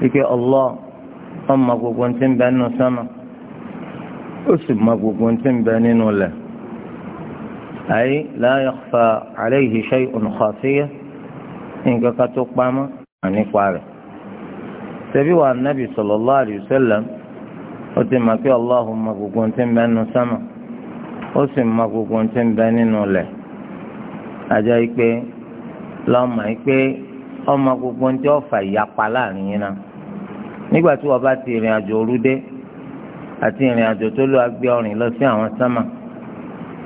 wípé Allah ọmọ gbogbo ń ti ń bẹ nínú sánà ó sì mọ gbogbo ń ti ń bẹ nínú lẹ̀ àyè la yakhfa alayhi shay'un khafiyya nǹkan kan tó pamọ́ ànípa rẹ̀ tẹ̀bí wa nabi sallallahu alayhi wa sallam ó ti mọ̀ pé Allah mọ gbogbo ń bẹ nínú sánà ó sì mọ gbogbo ń bẹ nínú lẹ̀ àjẹ́ ìpè lọ́mọ ìpè ọmọ gbogbo ní tí ó fà ìyapa láàrin yín náà nígbà tí wọ́n bá ti ìrìn àjò òru dé àti ìrìn àjò tó lọ agbé ọrìn lọ sí àwọn sámà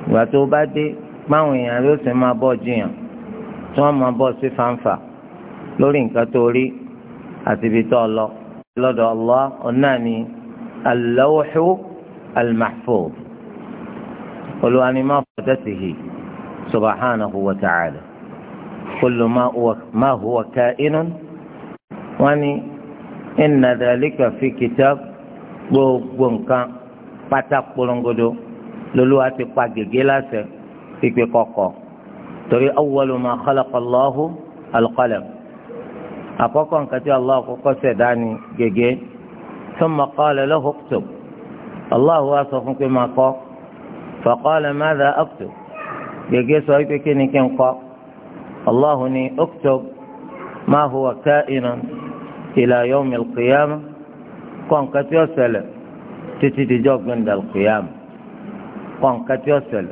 ìgbà tó bá dé báwọn èèyàn yóò sì máa bọ́ jiyàn tí wọ́n máa bọ́ sí fanfa lórí nǹkan tó rí àti ibi tó lọ lọ́dọ̀ Allah ọ̀nà ni al olùwànímọ̀ fọ́tẹ́sì hì subhanahu wa ta'ala kullu ma huwa kainun wọ́n ní inna dhalika fi kitab gbogbo nǹkan pátá polongodo lolúwa ti pa gègé láṣẹ pípé kọkọ torí awwalu ma khalaqa Allahu al-qalam àkọ́kọ́ nǹkan tí Allah kọ́kọ́ ṣẹ̀dá ni gègé thumma qala lahu uktub Allah wa sọ fún fa qala madha aktub gègé sọ pé kí ni kí الله ني اكتب ما هو كائنا إلى يوم القيامة كون كتيوسل تتدي جوب عند القيام كون كتيوسل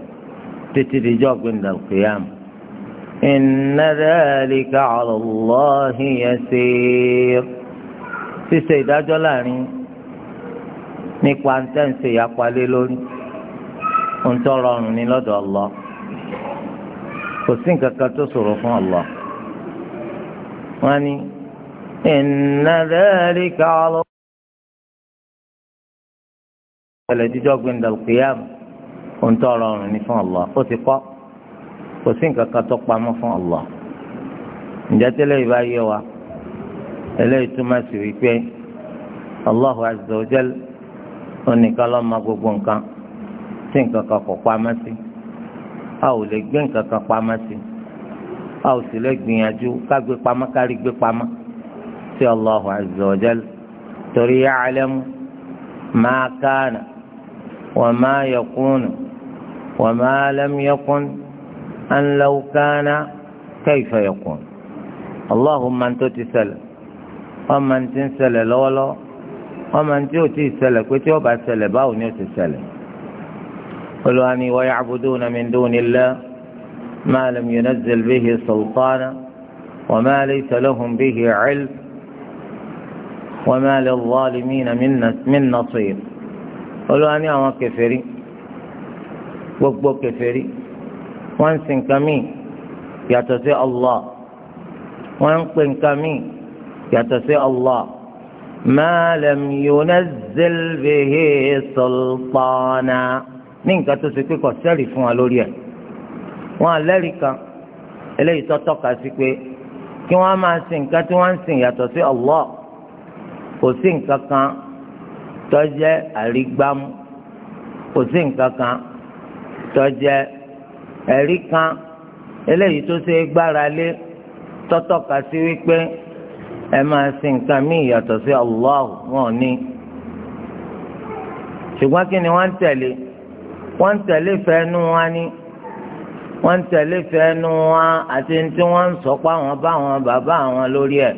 تتدي جوب عند القيام إن ذلك على الله يسير في سيدة جولاني نيكوان تنسي يقوالي لوني ń tọrọ ọrùn ní lọ́dọ̀ Allah kò sí nǹkan kan tó ṣòro fún Allah wọn ni inna dhalika àlọ́. ẹlẹ́ jíjọ́ gbẹ̀ndà kìyàm ohun tó rọrùn ní fún Allah ó ti kọ́ kò sí nǹkan kan tó pamọ́ fún Allah ǹjẹ́ tẹ́lẹ̀ ìbá yé wa eléyìí túmọ̀ sí wípé Allahu azza onìkan ló mọ gbogbo nǹkan tí nǹkan kan kò pamọ́ sí. a ò lè gbé nǹkan kan pamọ́ sí a ò sì lè gbìyànjú ká gbé pamọ́ kárí gbé pamọ́ sí Allahu torí ma wa ma yakunu wa ma an law kana kayfa yakun Allahu máa ń tó ti ṣẹlẹ̀ wọ́n máa ń ti ń ṣẹlẹ̀ lọ́wọ́lọ́wọ́ wọ́n máa ń tí ò tí ni ó ti والواني ويعبدون من دون الله ما لم ينزل به سلطانا وما ليس لهم به علم وما للظالمين من من نصير والواني اما كفري وقبو كفري وانس كمي يتسي الله وانقن كمي يتسي الله ما لم ينزل به سلطانا ní nǹkan tó ṣe pé kò sẹ́rì fún wa lórí ẹ̀ wọn àlẹ́rìí kan eléyìí tó tọ́ka sí pé kí wọ́n máa sin nǹkan tí wọ́n ń sìn yàtọ̀ sí Allah kò sí nǹkan kan tó jẹ́ àrígbámú kò sí nǹkan kan tó jẹ́ ẹ̀rí kan eléyìí tó ṣe gbára lé tó tọ́ka sí wípé ẹ máa sin nǹkan míì yàtọ̀ sí Allah wọn ní ṣùgbọ́n kí ni wọ́n ń tẹ̀lé wọ́n ń tẹ̀lé fẹ́nu wa ni wọ́n ń tẹ̀lé fẹ́nu wa àti tí wọ́n ń sọ pé àwọn bá àwọn bàbá àwọn lórí ẹ̀.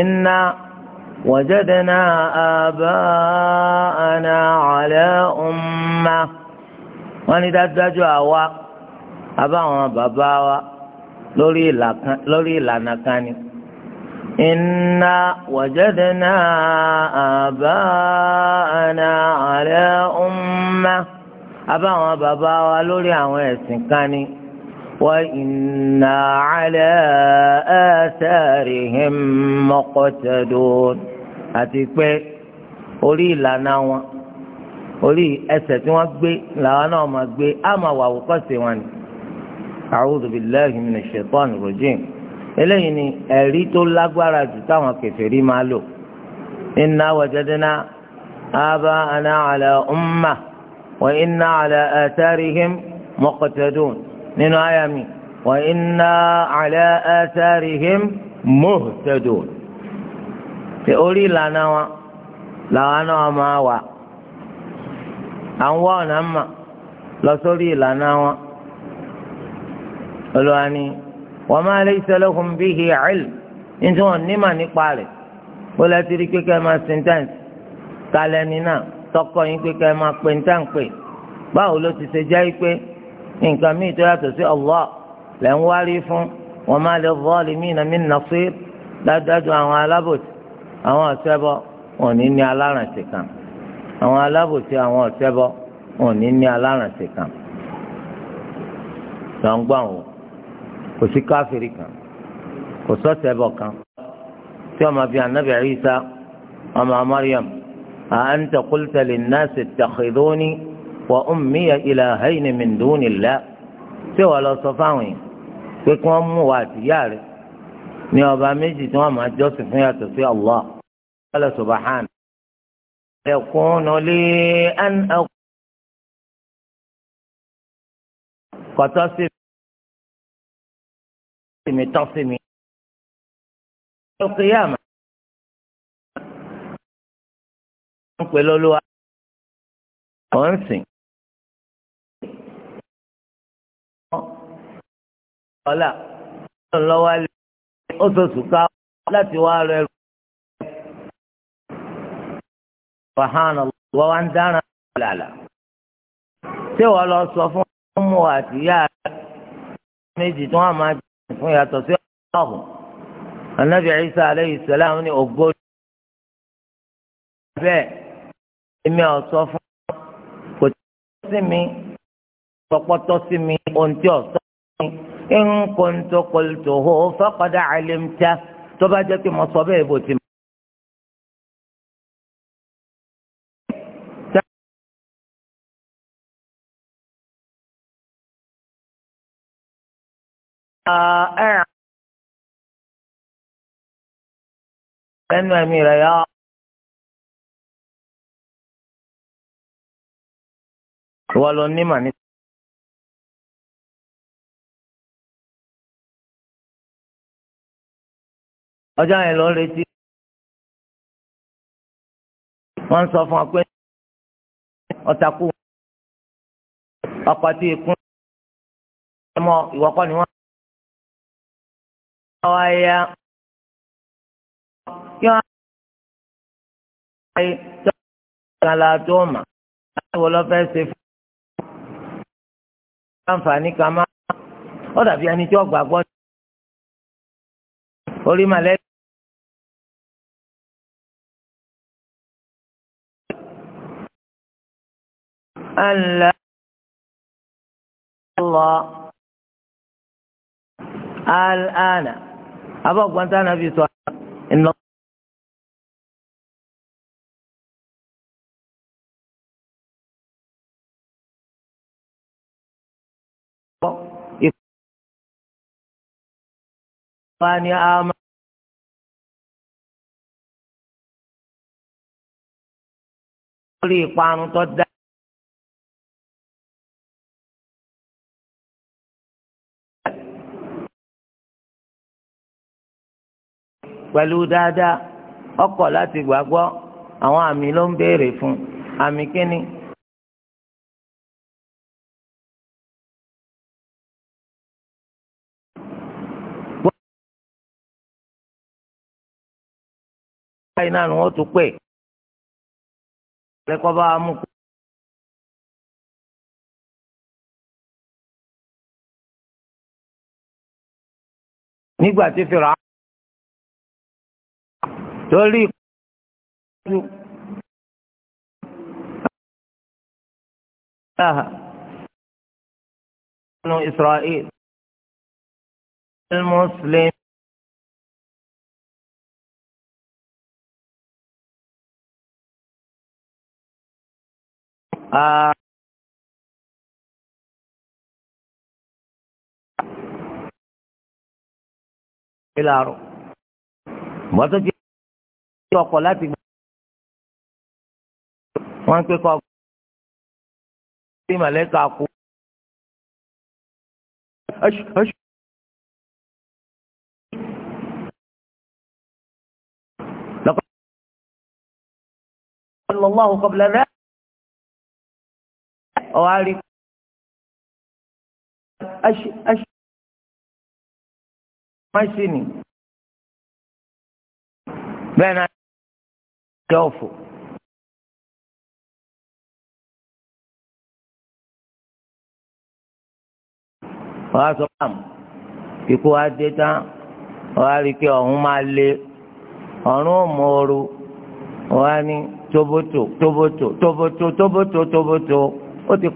inna wajadna aba'ana ala umma wọ́n ní dájúdájú àwa àbá àwọn bàbá wa lórí ìlànà kan ni. إنا وجدنا آباءنا على أمة abá àwọn bàbá wa lórí àwọn ẹ̀sìn kan ni wa inna ala atharihim muqtadun àti pé orí ìlànà wọn orí ẹsẹ̀ tí wọ́n gbé làwọn náà máa gbé á máa wà wòkọ́sẹ̀ wọn ni. a'udhu billahi minash shaitani rajim eléyìí ni ẹ̀rí tó lágbára jù táwọn kèfèrí máa lò inna wajadna aba'ana ala ummah. وإنا على آثارهم مقتدون نينو آيامي وإنا على آثارهم مهتدون تقولي لنا و... لنا ما و أنوان أما لصولي لنا و olùwàní wàmà lẹ́sẹ̀ lọ́kùn bí hi ẹ̀ẹ́l nítorí wọn ní mà nípa rẹ̀ ó lẹ́tí rí kékeré máa sin tẹ́ǹtì kálẹ̀ ní náà tọkọ yín pé ká ẹ máa pè ní táǹpè báwo ló ti ṣe jẹ́ pé nǹkan míì tó yàtọ̀ sí Allah lẹ́ ń wárí fún wa ma lizzalimina min nasir dájúdájú àwọn alábòsí àwọn ọ̀sẹ́bọ wọn ní ní aláràǹsì kan àwọn alábòsí àwọn ọ̀sẹ́bọ wọn ní ní aláràǹsì kan lọ́ngbà wọn kò sí káfíìrì kan kò sọ́sẹ́bọ kan tí wọ́n máa fi ànábì ọmọ Maryam. أأنت قلت للناس اتخذوني وأمي إلهين من دون الله سوى لو صفاوين فيكم أمواتي ياري ni ọba méjì tí wọn máa jọ́sìn fún yàtọ̀ sí allah wàlẹ subahán. ẹkùnù lè ẹn ẹkùn. kọtọ sí mi tọ́ sí mi. ọkọ yàrá. ń pè lọ́lọ́wọ́ ọ̀hún sìn. ọ̀la ọlọ́wọ́ lè ó sọ̀tù ká láti wá rẹ̀ rú. fàhánà wọ́n wá ń dáná lálà. ṣé wọ́n lọ sọ fún ọmọ àti ìyá rẹ̀ méjì tí wọ́n máa fún yàtọ̀ sí ọ̀hún. anabi isa salam ni èmi ò sọ fún kò tó sí mi tọpọtọ sí mi ohun tí ò sọ fún mi ń kó ń tó kọlùtò hó faqad alimta tó bá jẹ́ pé mo sọ bẹ́ẹ̀ bó ti mọ̀. ẹnu ẹ̀mí rẹ̀ yọ. ìwọ ló ní mà ní. ọjọ́ yẹn lọ retí wọ́n ń sọ fún ọ pé ọ̀tàkù ọkọ̀ àti ìkún ọmọ ìwọ́kọ́ ni wọ́n ń wá ya kí wọ́n á ṣe tó ń gbà la tó mà láti wọ́n lọ fẹ́ ṣe fún àǹfààní kan máa ó dàbí ẹni tí ó gbàgbọ́ orí màlẹ́ ألا الله الآن أبقى أنت أنا في سؤال إن wọ́n á ní àmà. lórí ìparun tó dá. pẹ̀lú dáadáa ọkọ̀ láti gbàgbọ́ àwọn àmì ló ń béèrè fún àmì kínní báyìí náà ni wọ́n tún pè lẹ́kọ́ bá wa mú nígbà tí fìrà torí ìkọ́jú láha Israel muslim. ìlàrọ̀ mọ́tò jẹ́ ọkọ̀ láti gbọ́ wọ́n ń pè kọ́ sí màlẹ́kà kú. لقد الله قبل ذلك ọ̀wá rí máṣíìnì bẹ́ẹ̀ náà jẹ́ ọ̀fọ̀. wọ́n á sọ pé àmì ikú wa dé tán wọ́n á rí i pé ọ̀hún máa le ọ̀run ò mọ̀ọ́rù wọ́n á ní tóbótò tóbótò tóbótò tóbótò tóbótò. ó ti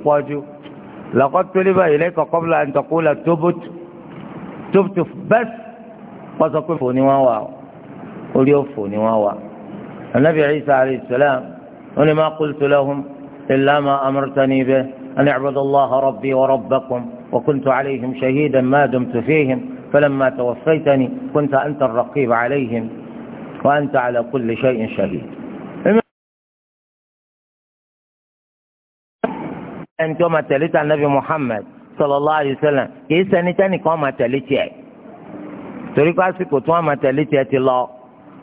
لقد jù إليك قبل أن تقول تبت تبت بس tóbótù bẹ́ẹ̀ kọ́sọ́ pé fò ní النبي عيسى عليه السلام أنا ما قلت لهم إلا ما أمرتني به أن اعبدوا الله ربي وربكم وكنت عليهم شهيدا ما دمت فيهم فلما توفيتني كنت أنت الرقيب عليهم وأنت على كل شيء شهيد ẹni tí wọ́n máa tẹ̀lé ta nabi Muhammad sallallahu alayhi wa sallam kì í ṣẹni tẹ́nìkan máa tẹ̀lé tiẹ̀ torí pásítọ̀ tí wọ́n máa tẹ̀lé tiẹ̀ ti lọ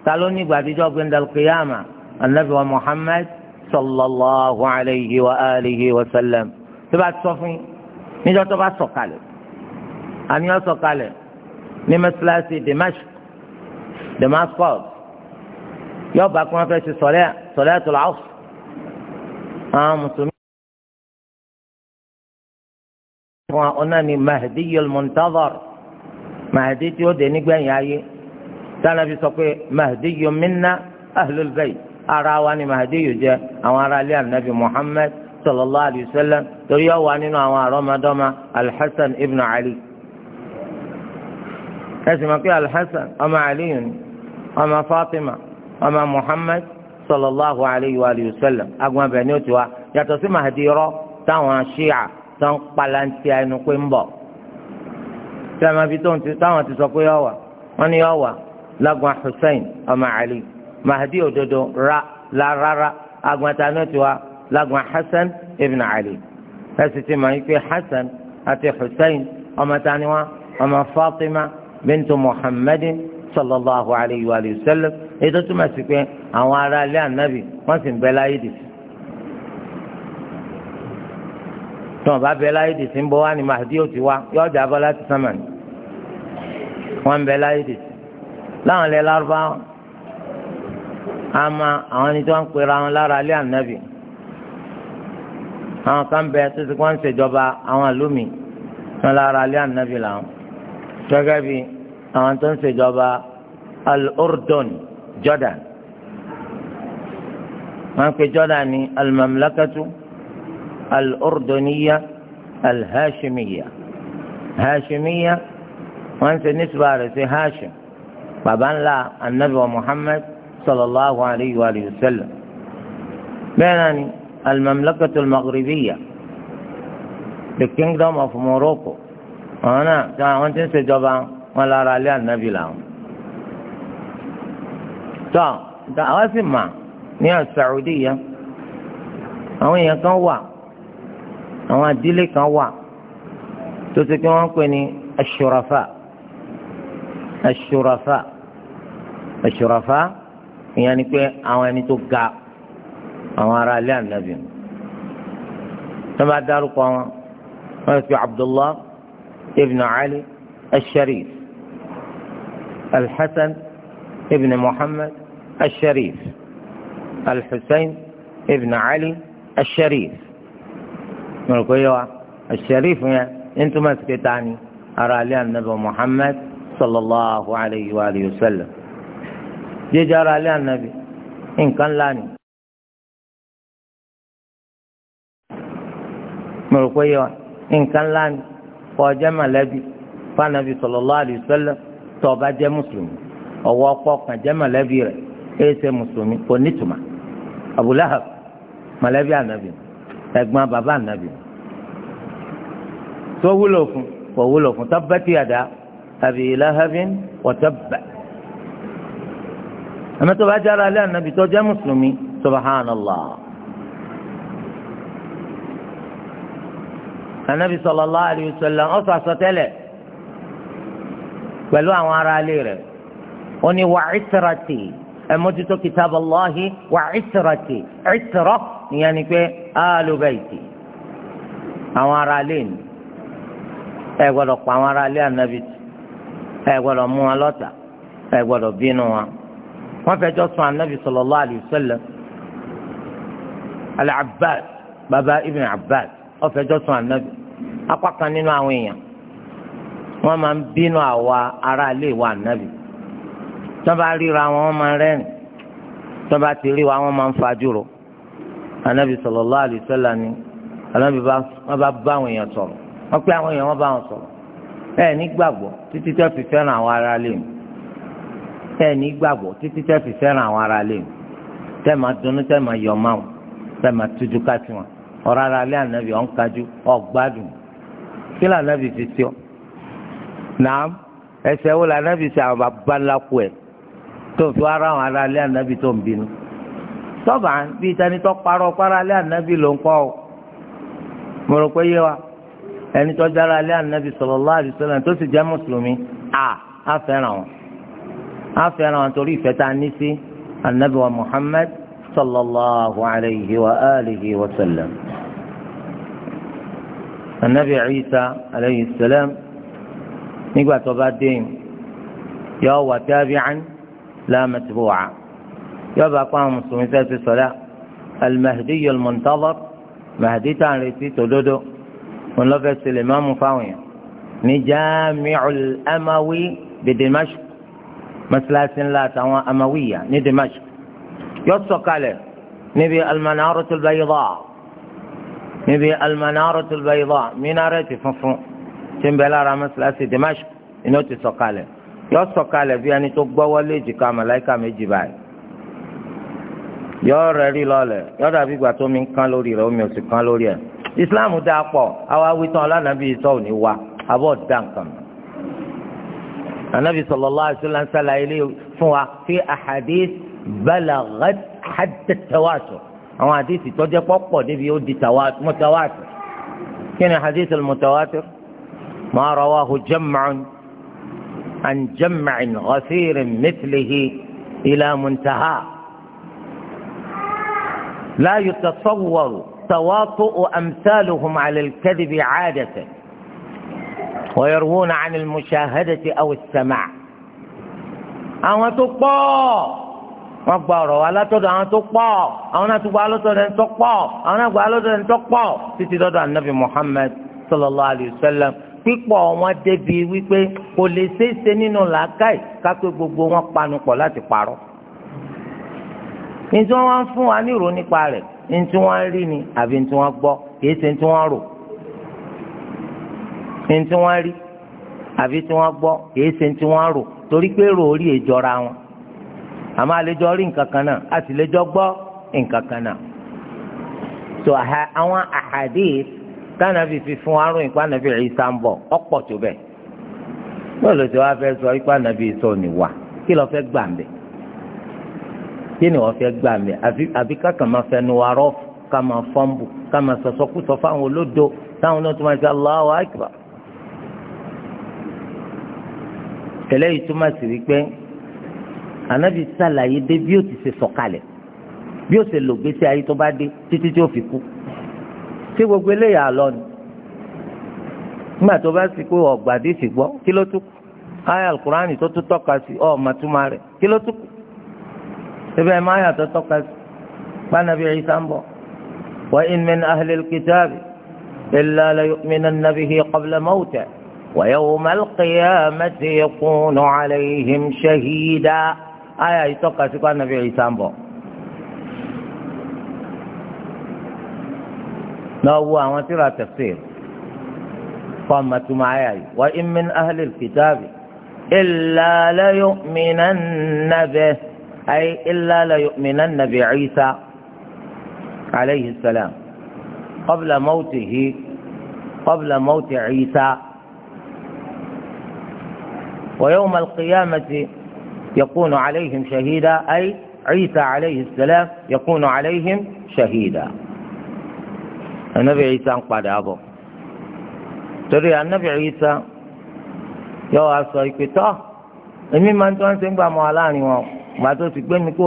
ta ló ní gbàdúgbò gbẹndàlù kìyàmà anabi wa Muhammad sallallahu alayhi wa alihi wa sallam tó bá sọ fún yín níjọ́ tó bá sọ̀kalẹ̀ àní ó sọ̀kalẹ̀ ní mẹsàlásì Dimashq Damascus bá kí wọ́n fẹ́ ṣe sọ̀lẹ́ sọ̀lẹ́ tó làásù àwọn mùsùlùmí. fún wa ọ̀nà ni mahdiyul muntazar mahdi tí ó dé nígbẹ̀yìn ayé tánàbí sọ pé mahdiyu minna ahlul bayt ara wa ni mahdiyu jẹ́ àwọn ará ilé ànábì muhammad sallallahu alayhi wa sallam torí ó wà nínú àwọn àrọ́mọdọ́mọ alhassan ibn ali ẹsìn máa pé alhassan ọmọ aliyu ni ọmọ fatima ọmọ muhammad sallallahu alayhi wa sallam agbọn abẹ ni ó ti wá yàtọ̀ sí mahdi rọ táwọn ṣíà tán kpalanti ẹnu pé ń bọ̀ tí a máa fi tóun ti táwọn ti sọ pé yọ wà wọn ni yọ wà lágùn Hussein ọmọ Ali Mahdi òdodo ra la rárá agbọn ta náà ti wá lágùn Hassan ibn Ali ẹsì ti máa ń pè Hassan àti Hussein ọmọ ta ni ọmọ Fatima bintu Muhammadin sallallahu alayhi wa sallam ètò túmọ̀ sí pé àwọn ará ilé ànábì wọ́n sì ń bẹ láyé dìbò. tọ́wọ́n bá bẹ láyé dìtì ń bọ́ wá ní Mahdi ó ti wá yọ ọjà bọ́ láti sánmà ni wọ́n bẹ láyé dìtì láwọn ilẹ̀ lárúbáwọ́ àmọ́ àwọn ẹni tí wọ́n ń pera wọn lára alẹ́ ànábì àwọn kan bẹ tó ti ń ṣèjọba àwọn àlómi wọn lára alẹ́ ànábì làwọn gẹ́gẹ́ bí àwọn tó ń ṣèjọba al-Urdun Jordan wọ́n ń pe Jordan ní al-Mamlakatu. Al الأردنية الهاشمية هاشمية وانت نسبة لسي هاشم طبعا لا النبي محمد صلى الله عليه وآله وسلم بين المملكة المغربية the kingdom of Morocco أنا وانا وانت نسبة ولا رالي النبي لا تا دا اسمع ni السعودية أو àwọn èèyàn àwọn àdílé kan wà tó ti pé wọ́n ń pè ní aṣurafa aṣurafa aṣurafa ìyẹn ni pé àwọn ẹni tó ga àwọn ará ilé ànábì tó bá dárúkọ wọn wọ́n fi abdullah ibn ali asharif alhassan ibn muhammad asharif alhussein ibn ali asharif mo rò pé yọ wa Al-Sharif yẹn ní túmọ̀ sí pé ta ni ara alẹ́ anabi Muhammad sallallahu alayhi wa sallam jíjẹ́ ara alẹ́ anabi nǹkan ńlá ni. mo rò pé yọ wa nǹkan ńlá ni kọjá mọ̀lẹ́bí fanabi sallallahu alayhi wa sallam tó jẹ́ mùsùlùmí ọwọ́ ọpọ jẹ́ mọ̀lẹ́bí rẹ̀ ẹ̀ ṣe mùsùlùmí kò nítumọ̀ Abu Lahab mọ̀lẹ́bí anabi ẹ̀gbọ́n bàbá ànábì tó wúlò fún kò wúlò fún tábàtì àdá àbí ìlàhàbín wọ́tàbà àmọ́ tó bá jára alẹ́ ànábì tó jẹ́ mùsùlùmí subhanallah. anabi sallallahu alayhi wa sallam ó sọ àsọtẹ́lẹ̀ pẹ̀lú àwọn ará ilé rẹ̀ ó ní wà ìtìrati ẹ mójútó kitaballahi wà ìtìrati ìtìrọ ìyẹn ni pé áàlù bẹ́ẹ̀tì àwọn ará ilé ni ẹ gbọ́dọ̀ pa àwọn ará ilé ànábì ẹ gbọ́dọ̀ mú wọn lọ́tà ẹ gbọ́dọ̀ bínú wọn. wọ́n fẹjọ́ sùn ànábì sallallahu alayhi wa sallam Al-Abbas baba Ibn Abbas wọ́n fẹjọ́ sùn ànábì apá kan nínú àwọn èèyàn wọ́n máa ń bínú àwa ará ilé wa ànábì tọ́ba ríra wọn wọ́n máa ń rẹ́rìn tọ́ba ti rí wa máa ń fajúro anabi sallallahu alaihi wasallam ni anabi wọn bá bá àwọn èèyàn sọ̀rọ̀ wọn pé àwọn èèyàn wọn bá wọn sọ̀rọ̀ ẹ ní gbàgbọ́ títí tẹ́ fi fẹ́ràn àwọn ará lé mi ẹ ní gbàgbọ́ títí tẹ́ fi fẹ́ràn àwọn ará lé mi tẹ́ máa dunnú tẹ́ máa yọ̀ máa wọn tẹ́ máa tuju ká sí wọn ọ̀rọ̀ ara lé anabi ọ̀n kájú ọ̀gbádùn kí ló anabi fi sí ọ nàám ẹsẹ̀ wo lànàbì sí àwọn bàbá ńlá kú ẹ̀ tó fi wá ara àwọn ará lé anabi tó ń bínú tọ́ba bí ìtani tó parọ́ para alẹ́ ànábì ló ń kọ́ ọ mo rò pé yé wa ẹni tó dára alẹ́ ànábì sallallahu alaihi wasallam tó sì jẹ́ mùsùlùmí à á fẹ́ràn wọn á fẹ́ràn wọn torí ìfẹ́ tá ní sí ànábì wa Muhammad sallallahu alayhi wa alihi wa sallam. ànábì Ìsá alayhi salam nígbà tó bá dé yọ wà tabi'an la matbu'a yọba kó àwọn mùsùlùmí fẹ́ ti sọ̀rọ̀ alimahdi yọl mọ̀ntàbọ̀r mahdi tá à ń retí tòdodo wọn lọ́ fẹ́ sílẹ̀ máa mú fáwọn yẹn ní jamiul amawi bi dimashq masilasi ńlá àtàwọn amawiya ní dimashq yọ sọ̀kalẹ̀ níbi almanaratul bayda níbi almanaratul bayda minareti funfun tí ń bẹ lára masilasi dimashq iná ti sọ̀kalẹ̀ yọ sọ̀kalẹ̀ bí ẹni tó gbọ́wọ́ lé jìkà màláìka méjì báyìí yọ rẹ rí lọlẹ yọ dàbí ìgbà tó mi ń kán lórí rẹ omi ò sì kán lórí ẹ ìsìláàmù dáa pọ̀ àwa wí tán ọlànàbí ìtọ ò ní wa abọ dá nǹkan mọ. anabi sallallahu alaihi wasallam ṣàlàyé fún wa fi ahadith balaghat hadd tawatur àwọn àdìsí tọjẹ pọpọ débi ó di mutawatir kí ni hadith mutawatir ma rawahu jam'un an jam'in ghasirin mithlihi ila muntaha. لا يتصور تواطؤ أمثالهم على الكذب عادة ويروون عن المشاهدة أو السماع àwọn tó pọ̀ wọ́n gba ọ̀rọ̀ wa látọ̀dọ̀ àwọn tó pọ̀ àwọn náà tó gba alọ́tọ̀dọ̀ ẹni tó pọ̀ àwọn náà gba alọ́tọ̀dọ̀ ẹni tó pọ̀ títí dọ́dọ̀ anabi Muhammad sallallahu alayhi wa sallam pípọ̀ wọn débi wípé kò lè ṣeéṣe nínú làákàyè kápẹ́ gbogbo wọn panupọ̀ láti parọ́ ní tí wọ́n ń fún wa ní ìró nípa rẹ̀ ní tí wọ́n ń rí ni àbí ní tí wọ́n gbọ́ kìí ṣe ní tí wọ́n rò ní tí wọ́n rí àbí tí wọ́n gbọ́ kìí ṣe ní tí wọ́n rò torí pé rò orí ìjọra wọn àmọ́ àlejò rí nǹkan kan náà a sì lejò gbọ́ nǹkan kan náà so àwọn àhàdé tánàbì fi fún arún ìpànàbì ìsà ń bọ̀ ọ̀pọ̀ tó bẹ̀ bọ́ọ̀lù tí wọ́n fẹ́ sọ ìpànàbì ìsọ̀ ni wà kí lọ́ọ́ fẹ́ gbà ń bẹ̀ kí ni wọ́n fẹ́ gbà mí àbí kákan máa fẹnu wa rọ́ ká máa fọ́nbù ká máa sọ̀sọ́kùsọ fáwọn olódo táwọn náà tún máa ṣe Allahu Akbar. tẹ̀lé yìí túmọ̀ sí wípé ànábì sàlàyé dé bí ó ti ṣe sọ̀kalẹ̀ bí ó ṣe lò gbèsè ayé tó bá dé títí tí ó fi kú ṣé gbogbo eléyà lọ ni nígbà tó bá sì pé ọ̀gbàdì sì gbọ́ kí ló tún kù ayé alukurani tó tún tọ́ka sí ọ̀ màtúmá rẹ̀ kí ló tún kù إبعي ما يتتقذ فنبي عيسى أنبو وإن من أهل الكتاب إلا ليؤمنن به قبل موته ويوم القيامة يكون عليهم شهيدا آية يتوقع سيكون النبي عيسى أنبو نوى وانترى تفسير فما معي وإن من أهل الكتاب إلا ليؤمنن به أي إلا ليؤمنن بعيسى عليه السلام قبل موته قبل موت عيسى ويوم القيامة يكون عليهم شهيدا أي عيسى عليه السلام يكون عليهم شهيدا النبي عيسى قد أبو ترى النبي عيسى يا أصحابي إني ما أنتوا أنتم بعمالاني واو ìgbà ti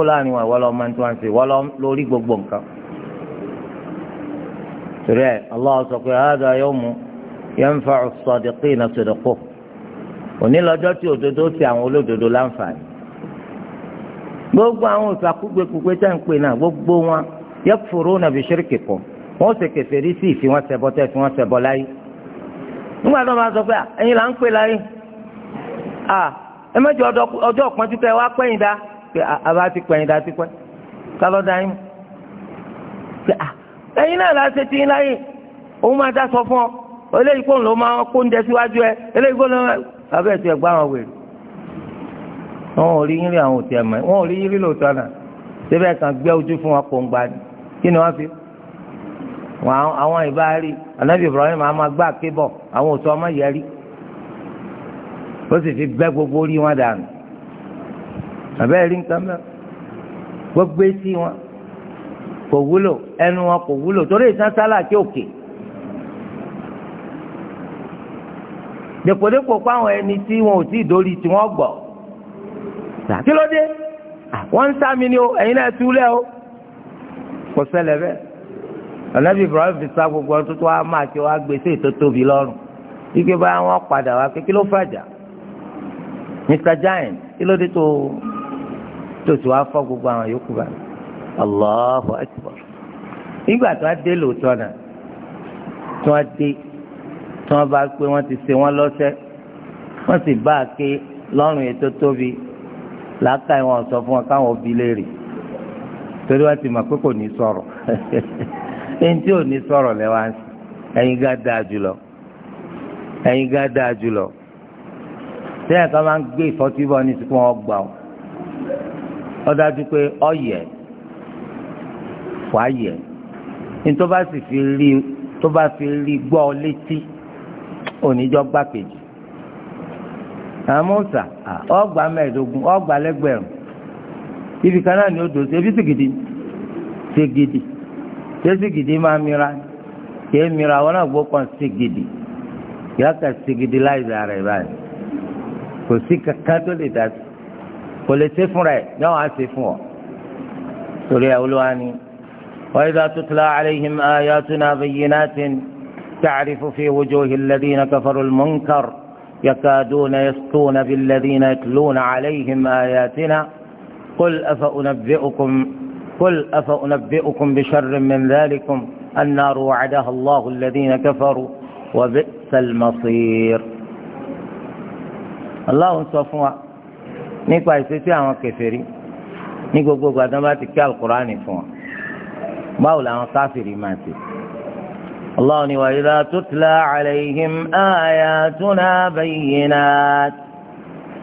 láàrin wọn lọ tí wọn ṣe lórí gbogbo nǹkan. torí ẹ Allah sọ pé hadha yawmu yanfa'u as-sadiqina sidquhum òní lọ́jọ́ tí òdodo ti àwọn olódodo láǹfààní. gbogbo àwọn òṣàkúgbèkúgbè tẹ́ ń pè náà gbogbo wọn sí ìfi wọn fi wọn láyé. nígbà tó máa sọ pé ah, là ń pè láyé ah, ẹ mẹ́jọ ọjọ́ wá pẹ́yìn dáa pé àbá ti pẹ̀yìn dá ti pẹ́ kálọ́dá yín pé à ah, ẹ̀yin náà láti ti yín láyè òun máa dá sọ fún ọ eléyìí kò ń lọ máa kó ń jẹ síwájú ẹ eléyìí kò ń lọ máa bàbá ẹ̀ ti ẹ̀ gbá àwọn wèrè wọn ò rí yín rí àwọn òtí ẹ̀ mọ́ wọn ò rí yín rí lóòótọ́ náà síbẹ̀ kan gbé ojú fún wọn kò ń gbani kí ni wọ́n fi àwọn ìbáàrí anabi ibrahim a máa gbá àkébọ̀ àwọn òtún ọmọ yẹrí ó sì fi bẹ́ gbogbo orí wọn dànù àbẹ́ rí nǹkan mẹ́rin gbogbo etí wọn kò wúlò ẹnu wọn kò wúlò torí ìsan sálà tí òkè dèpòdèpò páwọn ẹni tí wọn ò tí ì dórí tí wọn gbọ́ kí ló dé wọn ń sá mi ni o ẹ̀yin náà túlẹ̀ o kò ṣẹlẹ̀ bẹ́ẹ̀ ọ̀nàbí ibrahim fi sá gbogbo ọdún tó wá máa ṣe wá gbèsè tó tóbi lọ́rùn ike báyà wọn padà wá pé kí ló fàjà mr giant kí ló dé tó tó ti wá fọ́ gbogbo àwọn yòókù bá Allahu Akbar nígbà tí wọ́n dé lóòótọ́ náà tí wọ́n dé tí wọ́n bá pé wọ́n ti ṣe wọ́n lọ́sẹ̀ wọ́n sì bá a ké lọ́rùn ètò tóbi làákàyè wọn sọ fún wọn káwọn òbí léèrè torí wọ́n ti mọ̀ pé kò ní sọ̀rọ̀ ẹni tí ò ní sọ̀rọ̀ lẹ́wà ń gá dáa jùlọ ẹ̀yin gá dáa jùlọ sẹ́yìn kan máa ń gbé ìfọ́tíbọ̀ ní ti kí wọ́n ọ́ ó dájú pé ọ̀yẹ̀ fàáyẹ̀ ní tó bá sì fi rí tó bá fi rí gbọ́ ọ létí oníjọ́ gbàkejì àmọ́sà ọgbà mẹ́ẹ̀ẹ́dógún ọgbà lẹ́gbẹ̀rún ibi kan náà ni ó dòdò ebi sìgìdì sìgìdì ṣé sìgìdì máa mira ṣé mira wọn náà gbọ́ kàn sìgìdì yàtọ̀ sìgìdì láì dà rẹ̀ báyìí kò sí kankan tó lè dá sí. kò lè ṣe fún rẹ̀ yóò wá ṣe fún ọ. torí ẹ olúwa ni وإذا تتلى عليهم آياتنا بينات تعرف في وجوه الذين كفروا المنكر يكادون يسطون بالذين يتلون عليهم آياتنا قل أفأنبئكم قل أفأنبئكم بشر من ذلكم النار وعدها الله الذين كفروا وبئس المصير الله سبحانه nípa ìṣesí àwọn kèfèrí ní gbogbo gbàdán bá ti kí alukur'ani fún wọn báwo làwọn káfìrí máa ti. Allah ni wa idha tutla alayhim ayatuna bayyinat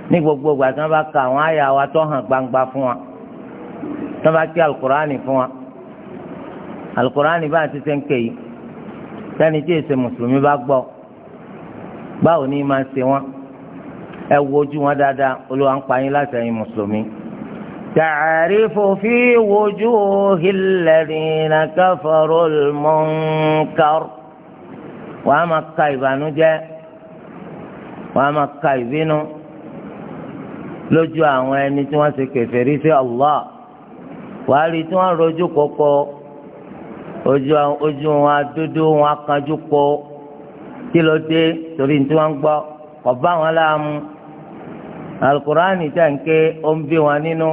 ní gbogbo gbàdán bá ka àwọn àyà wa tó hàn gbangba fún wa tó bá kí alukur'ani fún wa alukur'ani bá ti ṣe ń ké yìí sẹ́ni tí èsè mùsùlùmí bá gbọ́ báwo ni máa ṣe wọ́n ẹ wo ojú wọn dáadáa olúwa ń pa yín láti ẹ̀yin mùsùlùmí. تعرف في وجوه الذين كفروا المنكر wàá máa ka ìbànújẹ́ wàá máa ka ìbínú lójú àwọn ẹni tí wọ́n ṣe kèfèrí sí Allah wàá rí tí wọ́n rojú kókó ojú wọn dúdú wọn kanjú kó kí ló dé torí tí wọ́n ń gbọ́ bá wọn láàmú alukurani tẹ̀ ń ké ó ń bí wọn nínú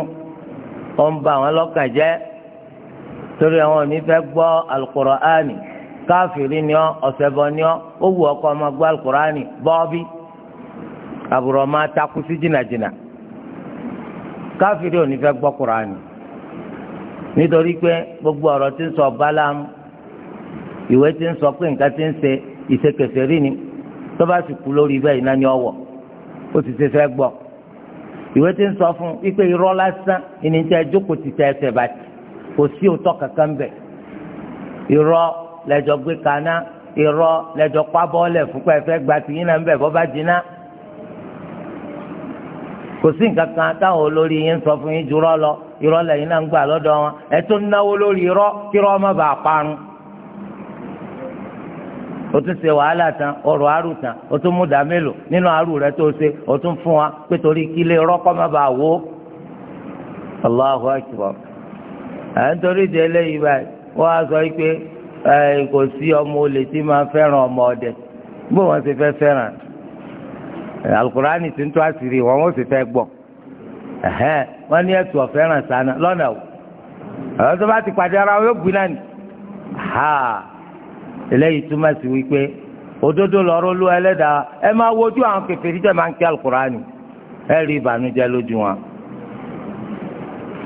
ó ń bà wọn lọ́kàn jẹ́ torí àwọn òní fẹ́ gbọ́ alukurani káfíìrì ni ọ ọ̀sẹ̀bọ ni ọ ó wù ọkọ ọmọ gbọ́ alukurani bọ́ọ̀bì àbúrò máa takú sí jìnnàjìnnà káfíìrì òní fẹ́ gbọ́ kurani nítorí pé gbogbo ọ̀rọ̀ tí ń sọ bálámù ìwé tí ń sọ pé nǹkan tí ń ṣe ìṣekèsè rí ni tó bá sì kú lórí bẹ́ẹ̀ iná ni ó ti ṣe fẹ́ gbọ́. iweta tí ń sọ fún wípé irọ́ lásán ìní tí a jókòó ti tẹ ẹsẹ̀ bá ti kò sí òótọ́ kankan ń bẹ̀ irọ́ lẹ́jọ́ gbé kaná irọ́ lẹ́jọ́ pábọ́ọ̀lẹ̀ fúnpẹ́ fẹ́ gba tìyín náà ń bẹ̀ bọ́bá jiná kò sí nǹkan lọ irọ́ lẹ́yìn náà ń gbà lọ́dọ̀ wọn ẹ̀ tó náwó lórí irọ́ má o tún ṣe wàhálà tán ọrọ̀ àrù tán o tún mú nínú àrù rẹ tó ṣe o tún fún wa pé torí kí lè rọ́kọ́ má bàa wó. Allahu akbar à ń torí de eléyìí báyìí wọ́n á sọ pé kò sí ọmọ olè tí máa fẹ́ràn ọmọ ọdẹ bó wọ́n ṣe fẹ́ fẹ́ràn alukurani ti ń tó àṣírí wọn sì o àwọn tó eléyìí túmọ̀ sí wípé òdodo lọ́rọ́ ló ẹlẹ́dàá ẹ máa wojú àwọn kèfèrí tẹ̀ máa ń kí alukurani ẹ rí ìbànújẹ́ lójú wọn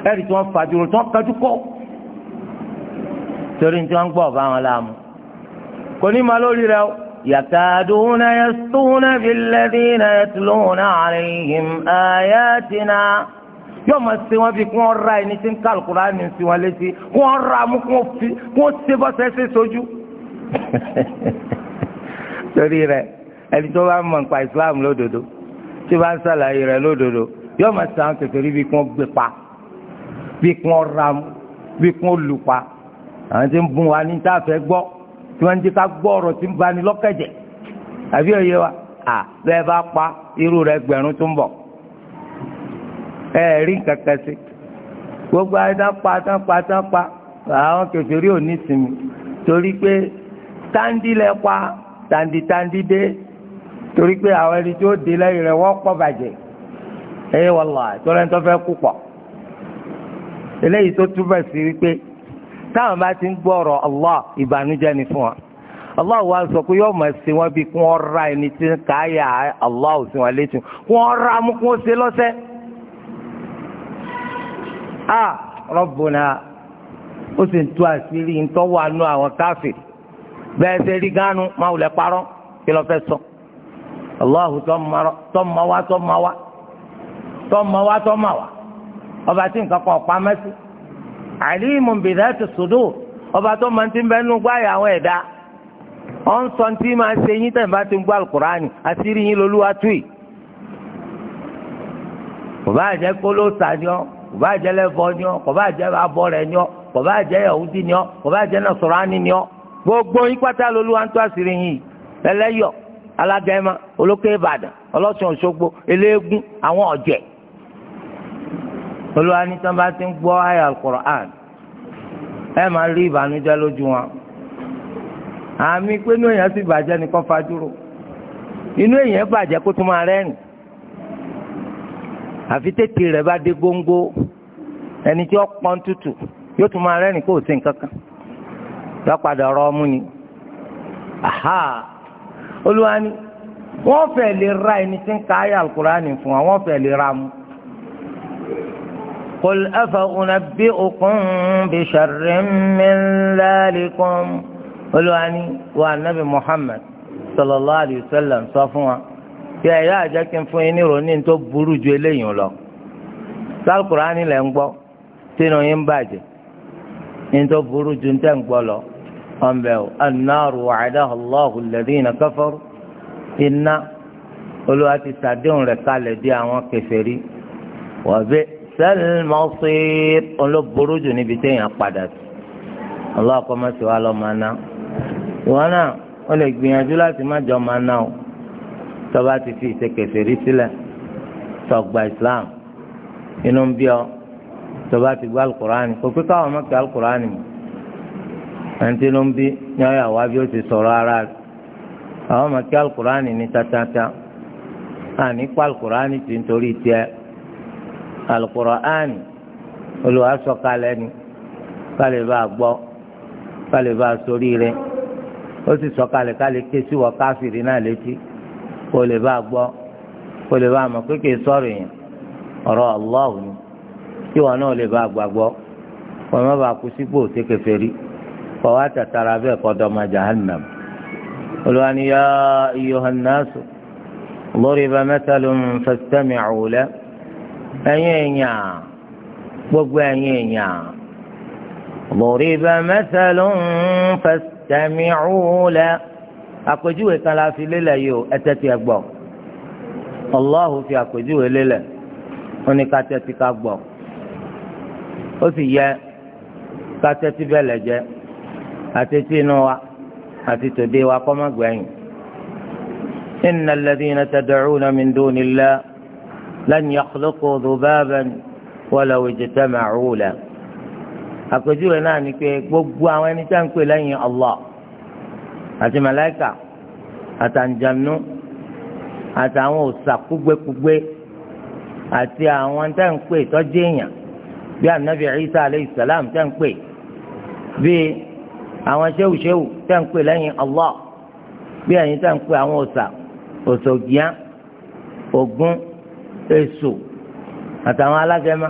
ẹ rí tí wọ́n fàdúró tí wọ́n kájú kọ́ torí tí wọ́n ń gbọ́ ọ̀bá láàmú kò ní ma lórí rẹ o. يكادون يسطون بالذين يتلون عليهم آياتنا yóò máa ṣe wọn fi kí wọn ra ẹni tí ń ka Al-Kùránì sí wọn létí torí rẹ ẹni tó bá mọ̀ nípa islam lódodo tí bá ń ṣàlàyé rẹ lódodo yóò máa sàn kékeré bí kún gbé pa bí kún ram bí kún lù pa àwọn tí ń bùn wa ní táfẹ́ gbọ́ tí wọ́n ń díka gbọ́ ọ̀rọ̀ tí ń bani lọ́kẹ̀jẹ̀ àbí òye wa à bẹ́ẹ̀ bá pa irú rẹ gbẹ̀rún tó ń bọ̀ ẹ rí kankan sí gbogbo àdán pa àdán pa àdán pa àwọn kékeré ò ní sinmi torí pé táǹdì lẹ pa táǹdì táǹdì dé torí pé àwọn ẹni tó dé lẹ́yìn rẹ̀ wọ́n pọ̀ bàjẹ́ ẹ̀yẹ wàllá ìtọ́lá ń tọ́ fẹ́ kú pọ̀ eléyìí tó túbọ̀ sí wípé táwọn bá ti ń gbọ́ ọ̀rọ̀ Allah ìbànújẹ́ ni fún wa Allah wa sọ pé yóò mọ̀ sí wọn bíi kí wọ́n ra ẹni tí ń káyà Allah ò sí wọn létí kí wọ́n ra mú kí wọ́n ṣe lọ́sẹ̀. a ah, Rabbuna ó sì ń tú àṣírí ń tọ́wọ́ àánú àwọn káfíìn bẹ́ẹ̀ ṣe rí gánú máa wulẹ̀ parọ́ kí lọ sọ Allahu tọm mawa, tọm mawa, tọm mawa, ọba tí nǹkan kan pa alimun bi dhati sudur ọba tó máa ti ń bẹ́ẹ̀ gbáyà àwọn ẹ̀dá ọ̀ sọ máa ṣe yín tẹ̀ bá ti gbọ́ alukurani àṣírí yín lolúwa túì kò bá ni ọ́ kò bá ni ọ́ kò bá ọ́ kò bá yahudi ni ọ́ kò bá gbogbo ìpátá lolúwa ń tó àṣírí yìí ẹlẹ́yọ̀ alágẹ̀mọ olókè ìbàdàn ọlọ́sùn òṣogbo eléégún àwọn ọ̀jẹ̀ olúwa ní sábà ti ń gbọ́ àyà alukur'an ẹ máa rí ìbànújẹ́ lójú wọn àmì pé inú èèyàn sì bàjẹ́ ni kò fajúrò inú èèyàn bàjẹ́ kó tún máa rẹ́rìn àfi tètè rẹ̀ bá dé góńgó ẹni tí ó pọ́n tútù yóò tún máa rẹ́rìn kó o sí nǹkan kan lọ́padà ọ̀rọ̀ ọmú ni olúwa ni wọ́n fẹ́ lè ra ẹni tí ń ka ayé alukurani fún wa wọ́n fẹ́ lè ra mu. قل أفأنبئكم بشر من ذلكم قلوا أني والنبي محمد صلى الله عليه وسلم sọ fún wa kí ẹ yáa jẹ́ kí n fún yín ní ìròyìn tó burú ju eléyìí lọ sálùkùránì ọ̀nbẹ̀ anáàrù wa'adaha Allahu alladhina kafaru iná olúwa ti sàdéhùn rẹ̀ kalẹ̀ dé àwọn kèfèrí wa bi'sal masir olóboró jù níbi téèyàn padà sí Allah kọ́ máa ṣe wá lọ́ máa ná ìwọ náà wọ́n lè gbìyànjú láti má jọ máa ná o tọ́ba ti fi ìṣe kèfèrí sílẹ̀ tọ́gbà Islam inú ń bí ọ tọ́ba ti gbọ́ alukur'ani kò pé káwọn mọ̀ kí alukur'ani mọ̀. àǹtí ló ń bí ní ọyà wá bí ó ti sọ̀rọ̀ ara rẹ̀ àwọn ọmọ kí alukurani ní tatata àní kó alukurani ti nítorí tiẹ̀ alukurani olùwàsọ̀kalẹ̀ ni kálí bá a gbọ́ kálí bá a sórí rẹ̀ ó sì sọ̀kalẹ̀ kálí ké sí wọ káfíìrì náà létí kó lè bá a gbọ́ kó lè bá a mọ̀ kéèké sọ̀rọ̀ yẹn ọ̀rọ̀ Allah ni kí wọn náà lè bá a wọn má bàa kú sípò tẹkẹfẹ rí. kọ̀ wá tàtàrà bẹ́ẹ̀ jahannam olùwàní yá ayyuhan nasu duriba mathalun fastami'u lahu gbogbo ẹ̀yin èèyàn duriba mathalun fastami'u fi lélẹ̀ yìí o Allahu fi àpèjúwe lélẹ̀ ó àti tinú wa àti tòde wa kọ́ má gbẹ̀yìn. إن الذين تدعون من دون الله لن يخلقوا ذبابا ولو اجتمعوا له àpèjúwe náà ni pé gbogbo àwọn ẹni tá à ń pè lẹ́yìn Allah àti màláìkà àtàǹjànú àtàwọn òòṣà kúgbékúgbé àti àwọn tá à ń pè tọ́jú èèyàn bí anabi Isa aleyhi salam tá à ń pè bíi àwọn ṣéwù ṣéwù tẹ́ ń pè lẹ́yìn Allah bí ẹ̀yin tẹ́ ń pè àwọn òòṣà òṣògìyàn Ògún Èṣù àtàwọn alágẹmọ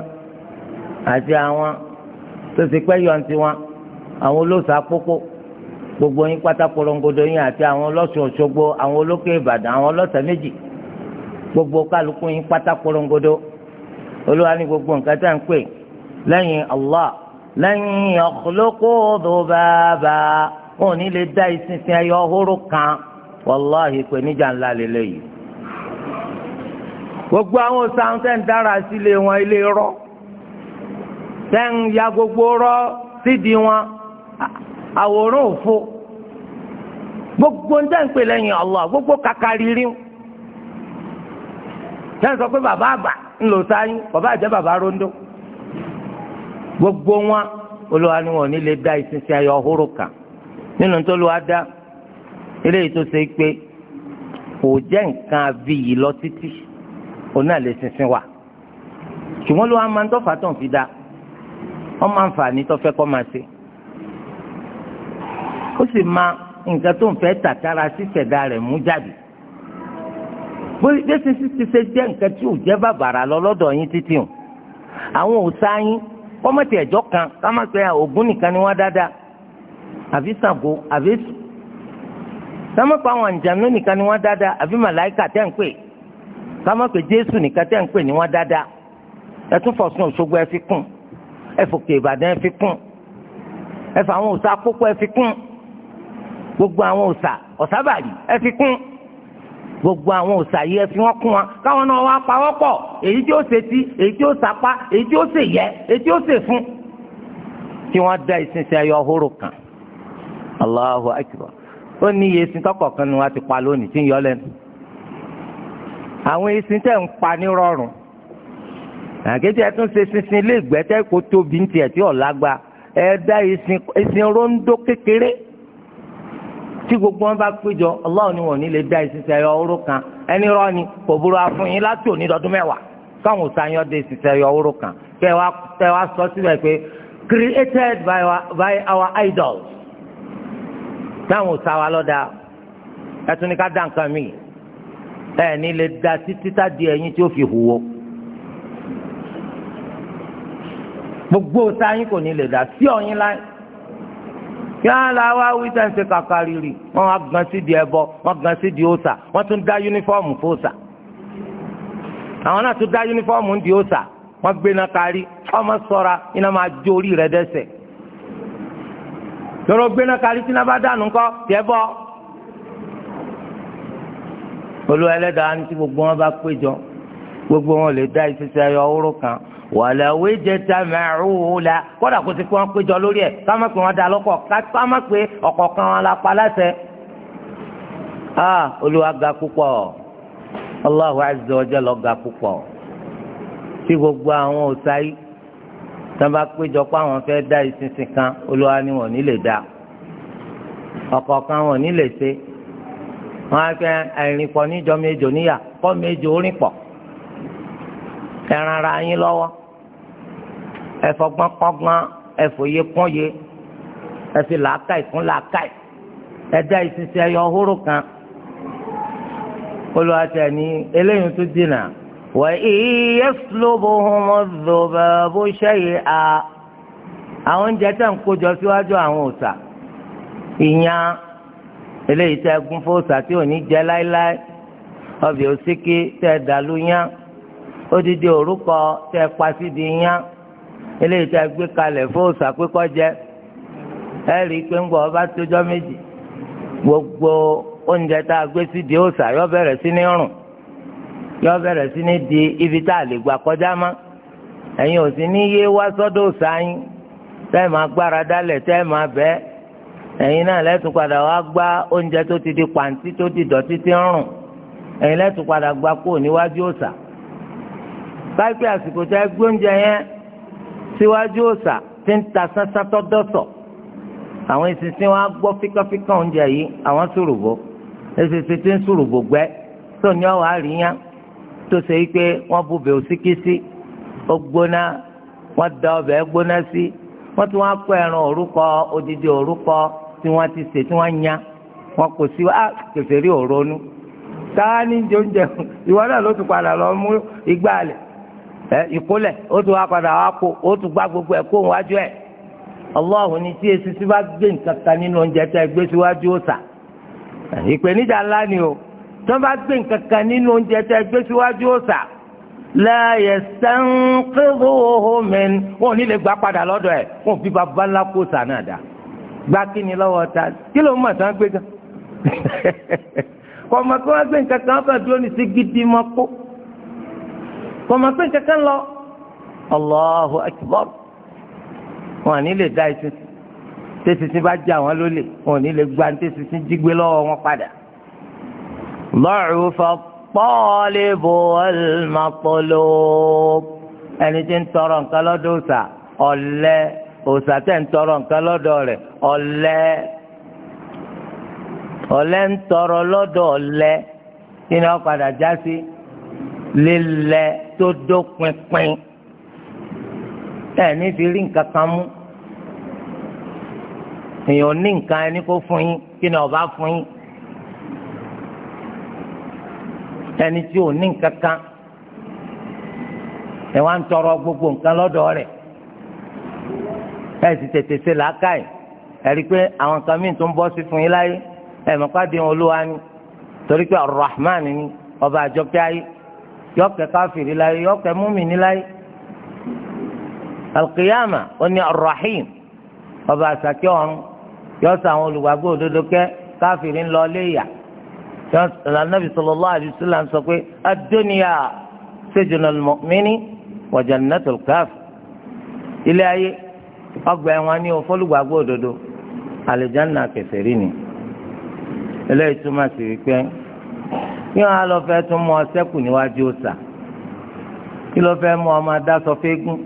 àti àwọn tó ti pẹ́ yọ̀ǹtì wọn àwọn olóòṣà pópó gbogbo yín pátá korongodo yín àti àwọn ọlọ́sùn Òṣogbo àwọn olókè Ìbàdàn àwọn ọlọ́sẹ̀ méjì gbogbo kálukú yín pátá korongodo olúwa ní gbogbo nǹkan tẹ́ ń pè lẹ́yìn Allah lan yakhluqu dhubaba wọn ò ní lè dá ìsinsin ẹyọ ọhúrú kan wàláhì pé níjà ńlá lélẹ́yìí gbogbo àwọn sáńtẹ́ ń dára sílé wọn ilé rọ́ tẹ́ ń ya gbogbo rọ́ sídìí wọn àwòrán òfo gbogbo ń pè lẹ́yìn Allah gbogbo kakari rí tẹ́ ń sọ pé bàbá àgbà ń lò bàbá àjẹ́ bàbá rondo gbogbo wọn olúwa ni wọn ò ní lè dá ìsinsin ayọ̀ ọhúrú kan nínú tó lù wá dá eléyìí tó ṣe pé kò jẹ́ nǹkan abiyì lọ títí òun náà lè sinsin wà ṣùgbọ́n ló wá máa ń tọ́fà tó ń fi dá wọ́n máa ń fà ní tọ́fẹ́ kọ́ máa ṣe ó sì máa nǹkan tó ń fẹ́ tàtàrà sísẹ̀dá rẹ̀ mú jáde bóyá sísí ti ṣe jẹ́ nǹkan tí ò jẹ́ bàbàrà lọ lọ́dọ̀ yín títí o àwọn òòṣà yín kọ́mọ̀tì ẹ̀jọ́ kan ká má pé Ògún nìkan ni wọ́n dáadáa àfi Ṣàngó àfi Èṣù ká má pé àwọn àǹjànú nìkan ni wọ́n dáadáa àfi màláìkà tẹ̀ ń pè ká Jésù nìkan tẹ̀ ń pè ni wọ́n dáadáa ẹ tún fọ̀sùn Òṣogbo ẹ fi kún ẹ fòkè Ìbàdàn ẹ fi kún ẹ fà àwọn òòṣà àkókò ẹ fi kún gbogbo àwọn òòṣà ọ̀sábàrì ẹ fi kún gbogbo àwọn òsàyẹ ẹ fi wọn kún wọn káwọn náà wá pa wọ́pọ̀ èyí tí ó ṣe ti èyí tí ó sapá èyí tí ó ṣe yẹ èyí tí ó ṣe fún. kí wọ́n dá ìsinsìn ẹyọ horo kan Allahu akbar ó ní iye sin tọkọ̀kan ni wọ́n ti pa lónìí tí ń yọ lẹ́nu. àwọn esin tẹ̀ ń pa ní rọrùn àkéjì ẹ tún ṣe sinsin ilé ìgbẹ́tẹ́ kó tóbi ní tiẹ̀ tí ọ̀ lágbá ẹ dá esin rondo kékeré tí gbogbo wọn bá péjọ Allah wọn ní lè dá ìṣiṣẹ́ ẹyọ oró kan ẹni rọ ni kò burú afúnyín láti òní dọdún mẹ́wàá káwọn ìṣiṣẹ́ kan tẹ wá sọ síbẹ̀ created by our idols lọ́dà ẹtún ní ká dá nǹkan mí ẹ ní lè dá títí di ẹyin tí ó fi hùwọ́ gbogbo kò ní lè dá sí yàrá la wá wí tẹ̀ ṣe kàkà rírì wọ́n wá gan sí di ẹbọ wọ́n gan sí di òòṣà wọ́n tún dá yúnífọ́ọ̀mù fòòṣà àwọn náà tún dá yúnífọ́ọ̀mù di òòṣà wọ́n gbéná kárí ọmọ sọ́ra iná máa jó orí rẹ̀ dẹ́sẹ̀ lọ́rọ̀ gbéná kárí tí bá dànù kọ́ tiẹ̀ bọ́ olú ẹlẹ́dàá ní tí gbogbo wọn bá péjọ gbogbo wọn lè dá ìfisẹ ayọ ọwọrọ kan wàlẹ òwe ta mẹrùú la kódà kó ti kó wọn péjọ lórí ẹ kámá pé wọn da lọkọ kámá pé ọ̀kọ̀ọ̀kan wọn la pa láṣẹ. a olúwa ga púpọ̀ Allahu azza wa jalla ga púpọ̀ tí gbogbo àwọn òòṣà yìí tí wọn bá péjọ pé àwọn fẹ́ dá ìsinsin kan olúwa ni wọn ò ní lè dá ọ̀kọ̀ọ̀kan wọn ò ní lè ṣe wọn á fẹ́ ẹ̀rìn pọ̀ níjọ méjò níyà kọ́ méjò orin pọ̀ ẹran ara yín lọ́wọ́ ẹ fọgbọ́n kọ́gbọ́n ẹ fòye kọ́ye ẹ fi làákàì kún làákàì ẹ dá ìsinsin ẹyọ hóró kan olùwàtẹ ní eléyìí tó dínà wà iye fúlóbóhùn ọ̀dọ̀bà bó ṣẹ́yẹ à àwọn oúnjẹ tẹ̀ ń kójọ síwájú àwọn òòṣà ìyàn eléyìí tẹ́ gún fóòṣà tí ò ní jẹ láéláé ọbẹ̀ òsíkí tẹ́ dàlú yán. odidi orúkọ tẹ pasi di yá eléyìí tẹ gbé kalẹ̀ fún òsàpékọ́ jẹ Eri pé ń gbogbo oúnjẹ tá a gbé sí di òsà yọ bẹ̀rẹ̀ sí ní rùn yọ bẹ̀rẹ̀ sí ní di ibi tá a lè gbà kọjá mọ́ ẹ̀yin ò sí ní yé wá sọ́dọ̀ òsà yín tẹ́ ẹ̀ máa gbára dálẹ̀ tẹ́ ẹ̀ máa bẹ́ ẹ̀yin náà padà wá gbá oúnjẹ tó ti di pàǹtí tó ti dọ̀tí ti báyìí àsìkò tẹ gbóúnjẹ yẹn síwájú òòsà ti ń ta sánsán tọ́dọ̀sọ̀ àwọn ìsinsin wọn á gbọ́ fíkàfíkà oúnjẹ yìí àwọn sùrùbọ ìsinsin ti ń sùrùbọ gbẹ tó ní ọwọ́ àríyàn tó ṣe wípé wọ́n bu bèè òsíkísí ó gbóná wọ́n da ọbẹ̀ gbóná sí wọ́n ti wọ́n kó ẹran òrúkọ odidi òrúkọ tí wọ́n ti sè tí wọ́n yan wọ́n kò sí ah kẹfẹ́ rí òrónú táwa ní oúnjẹ ìwọ náà ló ti padà lọ mú igbá alẹ̀ ẹ otu ó tún wá padà wá kó ó tún gbá gbogbo ẹ̀ kó wájú ẹ̀ ọlọ́hun ni tí esi tí bá gbé nǹkan kan nínú oúnjẹ tẹ́ gbé síwájú ìpèníjà ńlá ni o tí wọ́n bá gbé nǹkan kan nínú oúnjẹ tẹ́ gbé síwájú òòsà lẹ́yẹ sẹ́ńkìrò homin wọn ò ní lè gbà padà lọ́dọ̀ ẹ̀ wọn ò fi bàbá ńlá kó òòsà náà gbá kí ni lọ́wọ́ ta kí ló ń mọ̀ sán gbé kọ̀ọ̀mọ̀ kí wọ́n gbé nǹkan kan gidi kò mọ̀ pé kankan lọ Allahu Akbar wọn ní lè dá etí tẹsísí bá jẹ àwọn lólè wọn ní lè gba tẹsísí jígbé lọ́wọ́ wọn padà. ضعف الطالب والمطلوب ẹni tí ń tọrọ nǹkan lọ́dọ̀ òòṣà ọ̀lẹ òòṣà tẹ̀ ń tọrọ nǹkan lọ́dọ̀ rẹ̀ ọ̀lẹ ọ̀lẹ ń tọrọ lọ́dọ̀ ọ̀lẹ kí ni wọ́n padà já sí lílẹ̀ tó dópinpin ẹ ní fi rí nǹkan kan mú èèyàn ní nǹkan ẹni kó fún yín kí ni ọba fún yín ẹni tí ò ní nǹkan kan ẹ wá ń tọrọ gbogbo nǹkan lọ́dọ̀ rẹ̀ ẹ sì tètè ṣe làákàyè ẹ rí i pé àwọn kan míì tó ń bọ́ sí fún yín láyé ẹ mọ̀ pàdé olúwa ni torí pé Ar-Rahman ni ọba àjọkẹ́ ayé yọkẹ káfíìrì láyé yọkẹ múmìnì láyé alqiyama oní arrahim ọba àsàkí ọ̀run yọsọ àwọn olùgbàgbọ́ òdodo kẹ káfíìrì ńlọ léyà anabi sallallahu alayhi wa sallam sọ pé adóníyà sijnul mu'mini wa jannatul káfíìrì ilé ayé ọgbà ẹ̀wọ̀n ni òfólùgbàgbọ́ òdodo àlùjánnà kèfèrí ni túmọ̀ sí wípé. yóò a lọ fẹ́ tún mọ ọsẹ́kù níwájú ọ̀sà kí ló fẹ́ mú ọmọ adásọ fẹ́gùn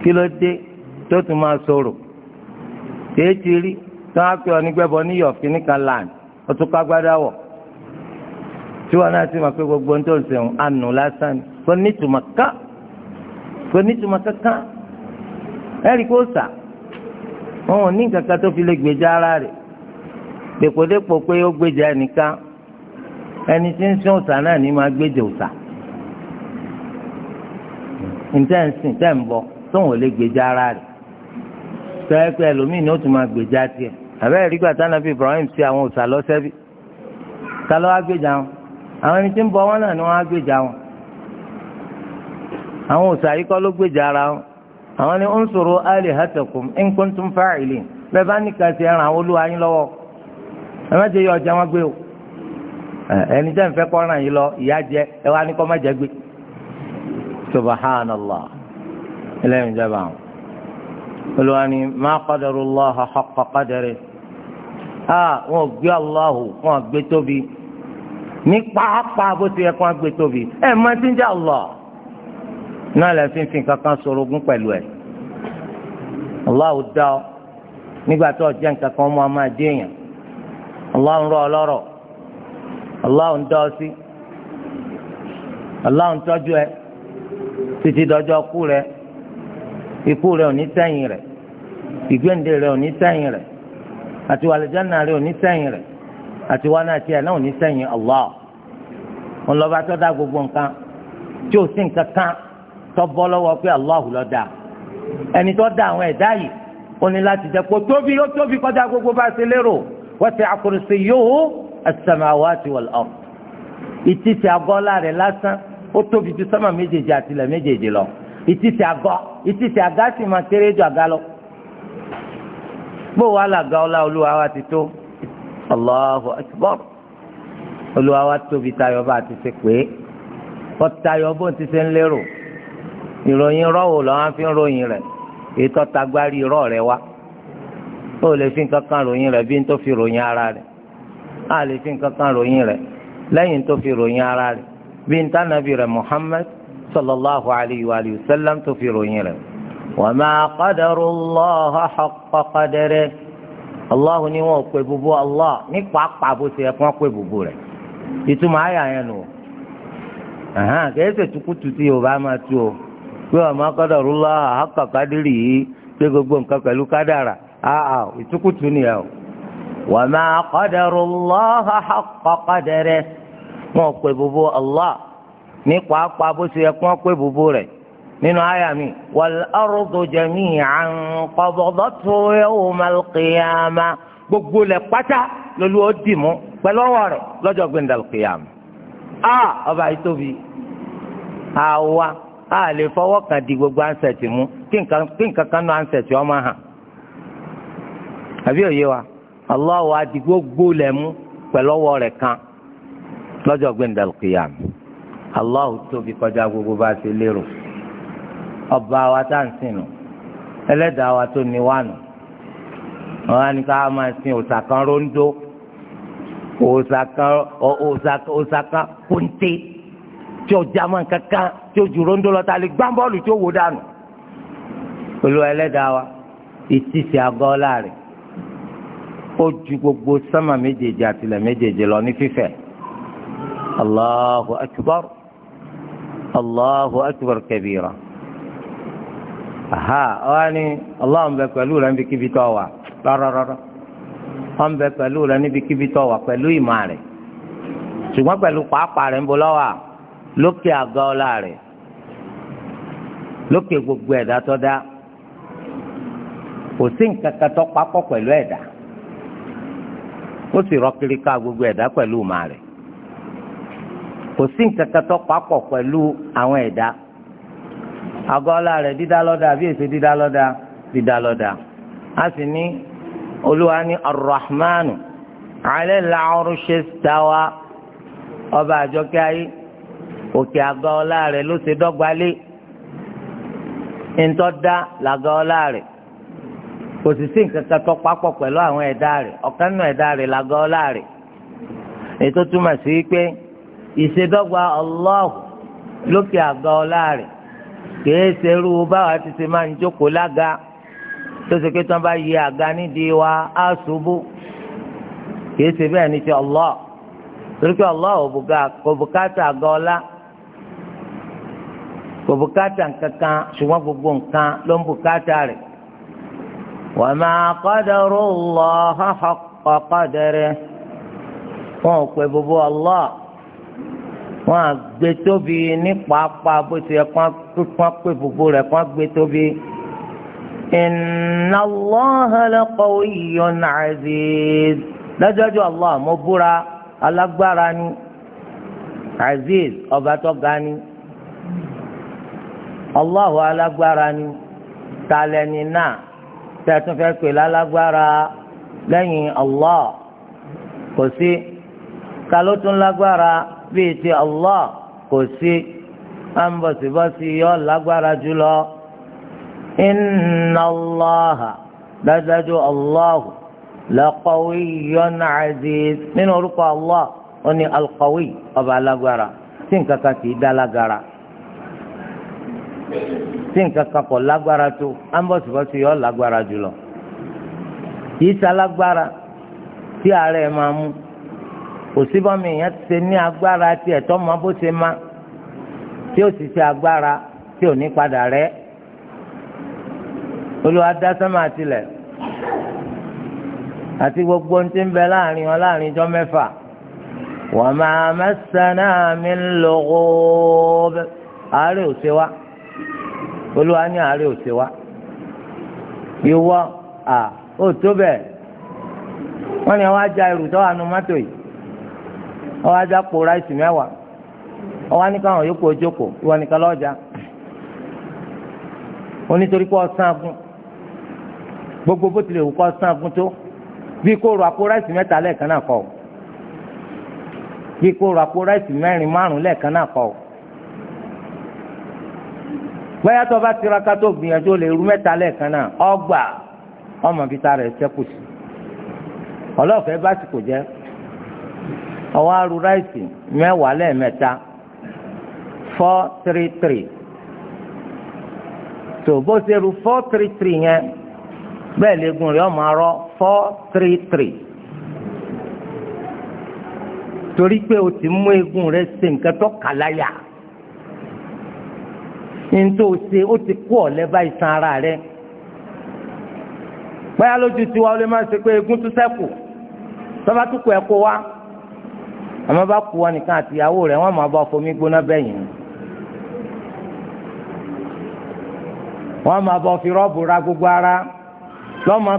kí ló dé tó tún máa sọ̀rọ̀ èyí rí tó á pè ọ nígbẹ́bọ níyọ̀fín nìkan land ọtún kágbádá tí wọn gbogbo ohun tó ń sẹ̀wọ̀n ànú lásán kò ka ká kò nítumọ̀ kankan ẹ̀rí kó sà wọn fi lè gbèjà ara rẹ̀ pé ó gbèjà ẹni tí ń sin òòsà náà ní máa gbéjẹ òòsà ntẹ́ ń ń bọ tóun ò lè gbèjà ara rẹ̀ tọ́yẹ́ ẹlòmíì ni ó tún máa gbèjà tiẹ̀ Ibrahim sí àwọn òòsà lọ́sẹ́ bí ta ló wá gbèjà wọn àwọn ẹni tí ń bọ wọn náà ni wọ́n á gbèjà wọn àwọn òòsà yìí kọ́ ló gbèjà ara wọn àwọn ni ń sòro alihatakum in kuntum fa'ilin bẹ́ẹ̀ bá ní kàṣẹ́ ẹran olúwa yín lọ́wọ́ ẹ má yọ ọjà wọn gbé o. ẹni tẹ́ ń fẹ́ kọ́ràn yìí lọ ìyá jẹ ẹ wá ní kọ́ má jẹ gbé subhanallah ẹlẹ́yìn ìjọba àwọn olùwàní má qadarullah haqqa qadari ah wọn gbé aláhù wọn gbé tóbi ní pàápàá bó ti yẹ kó wọn gbé tóbi ẹ má ti ń jẹ allah náà lẹ fífi kankan sorogún pẹ̀lú ẹ aláhù dá ọ nígbà tó ọjà nǹkan kan mú ọ máa dé èèyàn aláhù ń rọ ọ lọ́rọ̀. Allah ń tọ́ sí Allah ń tọ́jú ẹ títí kú rẹ ikú rẹ ò ní sẹ́yìn rẹ ìgbéǹde rẹ ò ní sẹ́yìn rẹ àti wàlìjánà rẹ ò ní sẹ́yìn rẹ àti wọn Allah lọ́ba tó gbogbo nǹkan tí ò sí nǹkan kan tó bọ́ lọ́wọ́ pé Allah ló ẹni tó dá àwọn ẹ̀dá yìí gbogbo bá ṣe as-samawati wal-ard ìtìsí àgọ́ láàrẹ̀ lásán ó tóbi ju sánmà méjèèjì àti ilẹ̀ méjèèjì lọ ìtìsí àgọ́ ìtìsí àgá sì máa kéré ju àgá lọ. bó wàá làgá ọlá olúwa wa ti tó Allahu akbar olúwa wa tóbi tayọ bá a ti ṣe pé ó tayọ bó ti ṣe ń lérò ìròyìn rọ́wò lọ́wọ́ fi ń ròyìn rẹ̀ ètò tagbárí irọ́ rẹ̀ wá ó lè fi nǹkan ròyìn rẹ̀ bí n tó fi ròyìn ara rẹ̀ a lè fi nǹkan kan ròyìn rẹ̀ lẹ́yìn tó fi ròyìn ara rẹ̀ bí n tànàbí rẹ̀ Muhammad sallallahu alayhi wa sallam tó fi ròyìn rẹ̀ wa ma qadarullaha haqqa qadarihi Allahu ni wọn pe bubu Allah ní pàápàá bó ṣe yẹ kí wọn pe bubu rẹ̀ ìtumọ̀ àyà yẹn nù kẹ́sẹ̀ tukutu tí Yorùbá máa tu o pé wa ma qadarullaha haqqa qadarihi pé gbogbo nǹkan pẹ̀lú kádàrà àà ìtukutu nìyẹn o. وما قدر الله حق قدره wọn pe bubu allah ní pàápàá bó ṣe yẹ kí wọn pe bubu rẹ nínú àyà mi wal ardu jami'an qabdatuhu yawmal qiyamah gbogbo lẹ pátá lolu ó dì mú pẹ̀lú ọwọ́ rẹ̀ lọ́jọ́ gbẹndàl qiyamah a ọba yìí tóbi àwa a lè fọwọ́ kan di gbogbo ansẹ̀tì mú kí nǹkan kan náà ansẹ̀tì ọmọ hàn àbí òye wa. Allah wa di gbogbo lẹ̀ mú pẹ̀lú ọwọ́ rẹ̀ kan lọ́jọ́ gbẹ̀ndà kìyàm Allah tóbi kọjá gbogbo bá a ṣe lérò ọba wa tá à ń sìn nù ẹlẹ́dàá wa tó ní wà nù wọn á ní sin òòṣà kan róńdó òòṣà kan òòṣà tí ó já máa kankan tí ó ju róńdó lọ tá a lè gbá bọ́ọ̀lù tí ó wò dànù olú ẹlẹ́dàá wa ìtìsí àgọ́ láàrin ó ju gbogbo sámà méjèèjì àtìlẹ̀ méjèèjì lọ ní fífẹ̀ allahu akbar allahu akbar kabira aha ọ̀hán ni ọlọ́run bẹ pẹ̀lú rẹ níbi kíbi tó wà rárárárá ọ̀hún bẹ pẹ̀lú rẹ níbi kíbi tó wà pẹ̀lú ìmọ̀ rẹ̀ ṣùgbọ́n pẹ̀lú pàápàá rẹ̀ ń bọ́ lọ́wọ́ lókè àgọ́ ọlá rẹ̀ lókè gbogbo ẹ̀dá tó dá kò sí nǹkan kan tó papọ̀ pẹ̀lú ẹ̀dá ó sì rọ́kiri ká gbogbo ẹ̀dá pẹ̀lú màá rẹ̀ kò sí nǹkan kan tó papọ̀ pẹ̀lú àwọn ẹ̀dá àgọ́ ọlá rẹ̀ dídá lọ́dà àbí èsè dídá lọ́dà dídá lọ́dà a sì ní olúwa ní arrahmanu alẹ́ làárù ṣe dáwà ọba àjọkẹ́ ayé òkè àgọ́ rẹ̀ ló ṣe dọ́gbalé ntọ́ dá làgọ́ rẹ̀ kò sì sí nǹkan kan tó papọ̀ pẹ̀lú àwọn ẹ̀dá rẹ̀ ọ̀kan nínú ẹ̀dá rẹ̀ làgọ́ ọlá rẹ̀ ètò túmọ̀ sí pé ìṣèdọ́gba Allah lókè àga ọlá rẹ̀ kìí ṣerú báwa ti ṣe máa ń jókòó lága tó ṣe pé tí wọ́n bá yẹ àga nídìí wa á ṣubú kìí ṣe bẹ́ẹ̀ ní ti Allah torí pé Allah kò bùkátà kò bùkátà وما قدر الله حق قدره wọn ò pè Allah wọn gbé tóbi ní pàápàá bó ti yẹ kán pè bùbù rẹ̀ kán gbé tóbi. Inna aziz dájọ́jú Allah mo búra alágbára ni aziz ọba tó ga ni alágbára ni tẹ̀tún fẹ́ pè lálágbára lẹ́yìn Allah kò sí ta ló tún lágbára bíi ti Allah kò sí à ń bọ̀sibọ́sí yọ lágbára jùlọ inna Allah dájájú Allah laqawiyyun aziz nínú orúkọ Allah ó ní alqawi ọba alágbára tí nǹkan kan kì í dá lágara tí nǹkan kan kọ̀ lágbára tó ambọ̀sibọ́sì yọ lágbára jùlọ kìí sálágbára tí ààrẹ máa mú òsínbọ́mi èèyàn ti ṣe ní agbára tí ẹ̀tọ́ máa bó ṣe má tí ó sì ṣe agbára tí ò ní padà rẹ̀ Olúwa dá sánmà àtilẹ̀ àti gbogbo ohun tí ń bẹ láàrin wọn láàrin ijọ́ mẹ́fà wa ma massana min lughub àárẹ̀ ò ṣe wá. olúwa ní àárẹ̀ ò ṣe wá ìwọ à ó tó bẹ́ẹ̀ wọ́n ní wọ́n á irú tó wà mọ́tò yìí wọ́n á po ráìsì mẹ́wàá wọ́n ní káwọn yòókù ojókòó ìwọ nìkan lọ́jà onítorí gbogbo bó tilẹ̀ wù kọ́ tó bí kò rọ àpò ráìsì mẹ́ta lẹ́ẹ̀kan náà kọ́ bí kò rọ àpò ráìsì mẹ́rin márùn lẹ́ẹ̀kan náà kọ́ bóyá tó bá tiraka tó gbìyànjú lè ru mẹ́ta lẹ́ẹ̀kan náà ọgbà ọmọ bíta rẹ̀ ṣẹ́kù sí ọlọ́ọ̀fẹ́ bá kò jẹ́ ọwọ́ aru ráìsì mẹ́wàá lẹ́ẹ̀mẹ́ta four three three tó bó ṣe ru four three three yẹn bẹ́ẹ̀ lẹ́gùn rẹ̀ ọmọ arọ four three torí pé o ti mú eegun rẹ̀ ṣe nǹkan ní tó o ṣe ó ti kú ọ̀lẹ́ bá ara rẹ báyà lójú tiwa ó lè má ṣe pé egun tún sẹ́kù tọ́ba tún kù ẹ̀ wa àmọ́ bá kú wa nìkan àtìyàwó rẹ̀ wọ́n máa bá fomi gbóná bẹ́yìn wọ́n máa bá fi rọ́ọ̀bù ra ara táwọn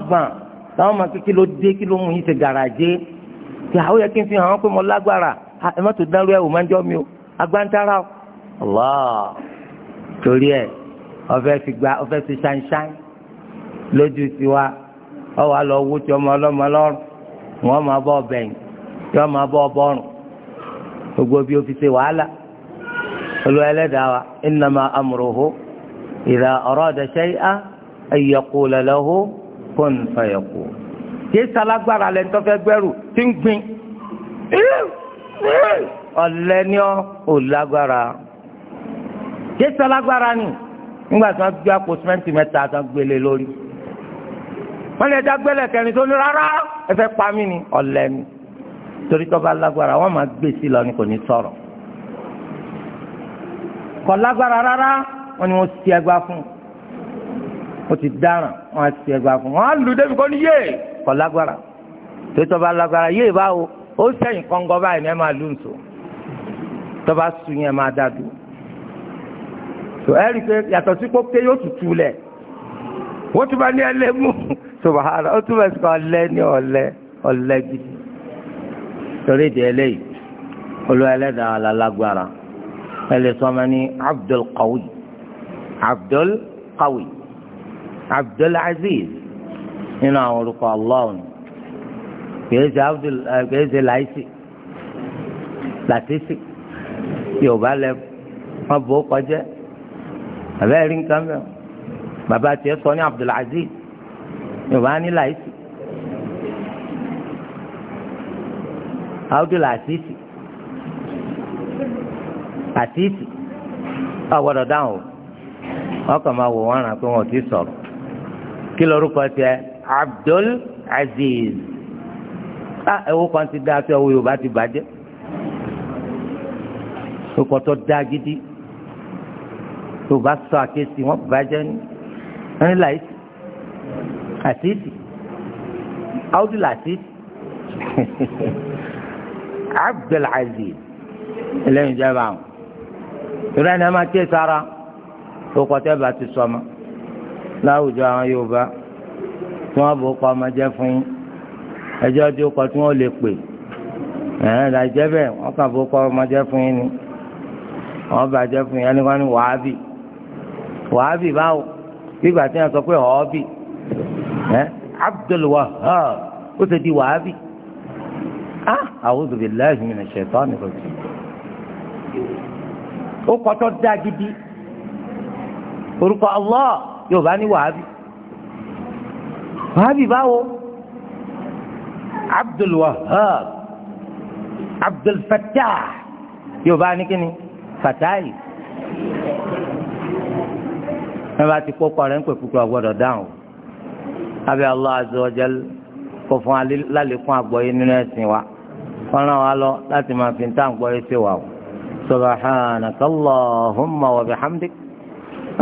torí ẹ ọfẹ ti gba ọfẹ ti ṣanṣan lójú tiwa ọwọ àlọ owó tí ọmọ ọlọmọ lọrùn wọn máa bọ ọbẹyìn tí wọn máa bọ ọbọrùn gbogbo bí o fi ṣe wàhálà olùwà ẹlẹdàá wa innama amruhu idha arada shay'an an yaqula lahu kun fayakun. kì í salágbára lẹ́ńtọ́ fẹ́ tí ń gbin ọ̀lẹ́ ni ò lágbára jésù alágbára ni nígbà tí wọ́n gbé àpò sìmẹ́ǹtì mẹ́ta tó ń lórí wọ́n lè dá kẹrin tó ní rárá ẹ fẹ́ ni ọ̀lẹ ni torí tó bá lágbára wọ́n máa gbé sí lọ ni kò ní sọ̀rọ̀ kò lágbára rárá wọ́n ni wọ́n ti ẹgbàá fún wọ́n ti dáràn wọ́n ti ẹgbàá fún wọ́n á lù débi kò ní yé kò lágbára torí tó bá lágbára yé báwo ó sẹ́yìn kọ́ńgọ́ báyìí ni ẹ máa lù ń sọ sùn yẹn máa dá dùn so ẹ rí i pé yàtọ̀ sí pópé yóò tutù lẹ̀ wọ́n tún bá ní ẹlẹ́mú subahana ó tún bá sọ ọ̀lẹ́ ní ọ̀lẹ́ ọ̀lẹ́ gidi torí ìdí ẹlẹ́yìí olú ẹlẹ́dàá alálágbára ẹlẹ́ sọmọ ní Abdul Qawi Abdul Qawi Abdul Aziz nínú àwọn orúkọ aláwọ̀ ni Abdul kìí ṣe láìsí yorùbá lẹ wọn bò ó kọjá àbẹ́rẹ́ rí nǹkan mẹ́wọ́ bàbá tiẹ̀ sọ ní Abdulaziz yorùbá ní láìsí Abdulaziz àtìsì ọ̀gbọ́dọ̀ dáhùn ọkàn máa wò wọ́n ràn pé wọ́n ti sọ̀rọ̀ kí lorúkọ tiẹ̀ Abdul Aziz a ah, ẹ̀wọ́ kan ti dá sí ọwọ́ yorùbá ti bàjẹ́ ó kọ́ tó dá gidi tó bá sọ àkéésì wọn bàjẹ́ ní ẹni láìsí àtìsì áwùdí làtìsì Abdul Aziz ẹlẹ́yìn jẹ́ báwọn torí ẹni ẹ máa ké sára tó kọtẹ́ bá ti sọmọ láwùjọ àwọn Yorùbá tí wọ́n bò kọ́ ọmọ jẹ́ fún yín ẹjọ́ tí ó kọ tí wọ́n lè pè ẹ̀hẹ́n ìdájẹ́ bẹ́ẹ̀ wọ́n kàn bò kọ́ ọmọ jẹ́ fún yín ni wọ́n bàjẹ́ fún yín ẹni wọ́n ní wàhábì wàhábì báwo bígbà tí wọ́n sọ pé ọ̀ọ́bì ẹ́ Abdul Wahhab ó ti di wàhábì á a'udhu billahi minash shaitani rajim ó kọ́tọ́ dá gidi orúkọ Allah yóò bá ní wàhábì wàhábì báwo Abdul Wahhab Abdul Fattah yóò bá ní kíni fatahi ẹ bá ti kókó rẹ ń pè kúkú ọgbọ́dọ̀ dáhùn abẹ Allah azza wa jal kó fún alálẹkùn àgbọ́yé nínú ẹsìn wa wọn ràn wá lọ láti máa fi ń tá àgbọ́yé sí wa o subhanaka Allahumma wa bihamdik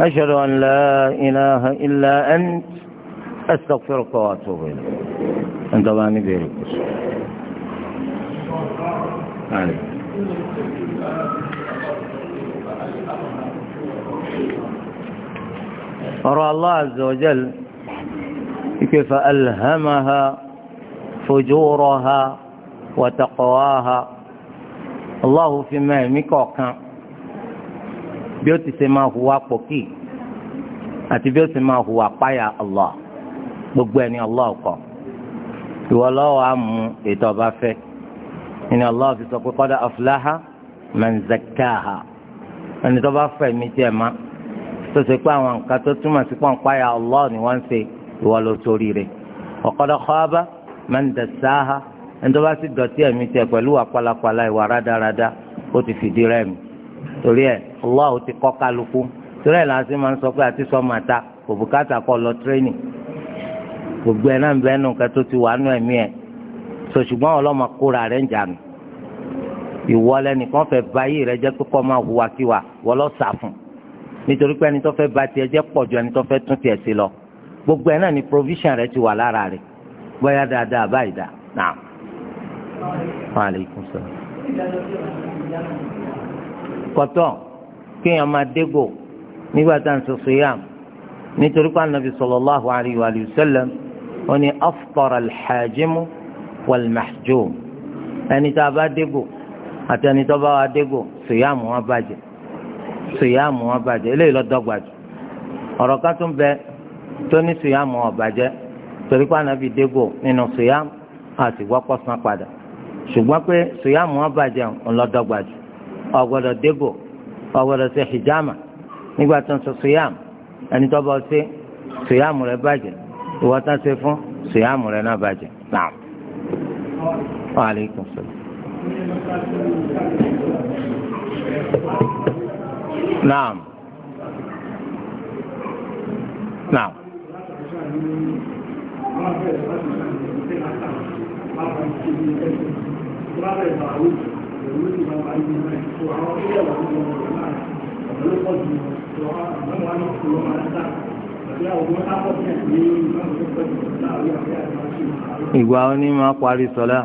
ashhadu an la ilaha illa ant astaghfiruka wa atubu ilayk ẹ ń tọ́ bá kùsùn. ọ̀rọ̀ Allah azza wa jal ike fa alhamaha fujuraha wa taqwaha Allahu fi mẹ́ẹ̀mí kọ̀ọ̀kan bí ó ti ṣe máa hùwà pòkì àti bí ó ti máa hùwà páyà Allah gbogbo ẹni Allah kọ ìwọ lọ́wọ́ á ètò ọba fẹ́ ìní Allah fi sọ pé qad aflaha man zakkaha ẹni tó bá fẹ̀mí tiẹ̀ máa tó ṣe pé àwọn nǹkan tó túmọ̀ sí pọ̀npá ya Allah ni wọ́n ń ṣe ìwọ ló sórí rẹ̀ ọ̀kọ́dọ̀ kọ́ọ́bá máa ń dẹ̀ sáá ẹni tó bá sì dọ̀tí ẹ̀mí tiẹ̀ pẹ̀lú àpàlàpàlà ìwà rádaràda ó ti fìdí rẹ̀ mi torí ẹ̀ Allah ti kọ́ kálukú torí ẹ̀ láti máa ń sọ pé àti sọ́mà ta kò bùkátà kọ́ lọ tírénì gbogbo ẹ̀ náà ń bẹ́ẹ̀ nù ti wà nù ẹ̀mí ẹ̀ sọ ṣùgbọ́n ọlọ́mọ kóra rẹ̀ ń jànú ìwọ lẹ́nìkan fẹ́ báyìí rẹ̀ jẹ́ pé kọ́ máa hùwàkiwà wọ́lọ́ sàfún nítorí pé ẹni tó fẹ́ ba tiẹ̀ jẹ́ pọ̀ ju ẹni tó fẹ́ tún tiẹ̀ sí lọ gbogbo ẹ̀ náà ni provision rẹ ti wà lára rẹ bóyá dáadáa báyìí dá náà. maaleykum salaam. kọ́tọ̀ kéèyàn máa dégò nígbà tá à ń soso yá nítorí pé anabi sallallahu alayhi wa sallam ó ní aftara alhajimu walmahjum ẹni tá a bá dégò àti ẹni tó bá wa dégò sòyàmù wọn bàjẹ́ sùyàmù wọn bàjẹ́ eléyìí ló dọ́gba jù ọ̀rọ̀ kan tún bẹ tó ní sùyàmù wọn bàjẹ́ torí pé ànábì dégò nínú sùyàmù àti gbọ́pọ̀ san padà ṣùgbọ́n pé sùyàmù wọn bàjẹ́ ńlọ dọ́gba jù ó gbọ́dọ̀ dégò ó gbọ́dọ̀ ṣe hijama nígbà tó ń sọ sùyàmù ẹni tó bá ṣe sùyàmù rẹ bàjẹ́ ìwọ tán ṣe fún sùyàmù rẹ náà bàjẹ́ naam naam naam. ìgbà oní máa parí sọlá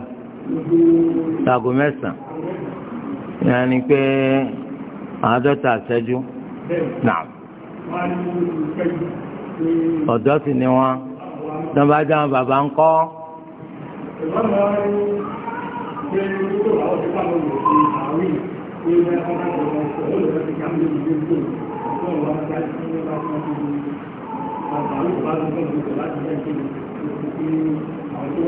láago mẹ́sàn-án yẹn ni pé àádọ́ta àṣẹ́jú náà ọ̀dọ́ sì ni wọ́n dọ́ba dáhùn bàbá ń kọ́. Thank you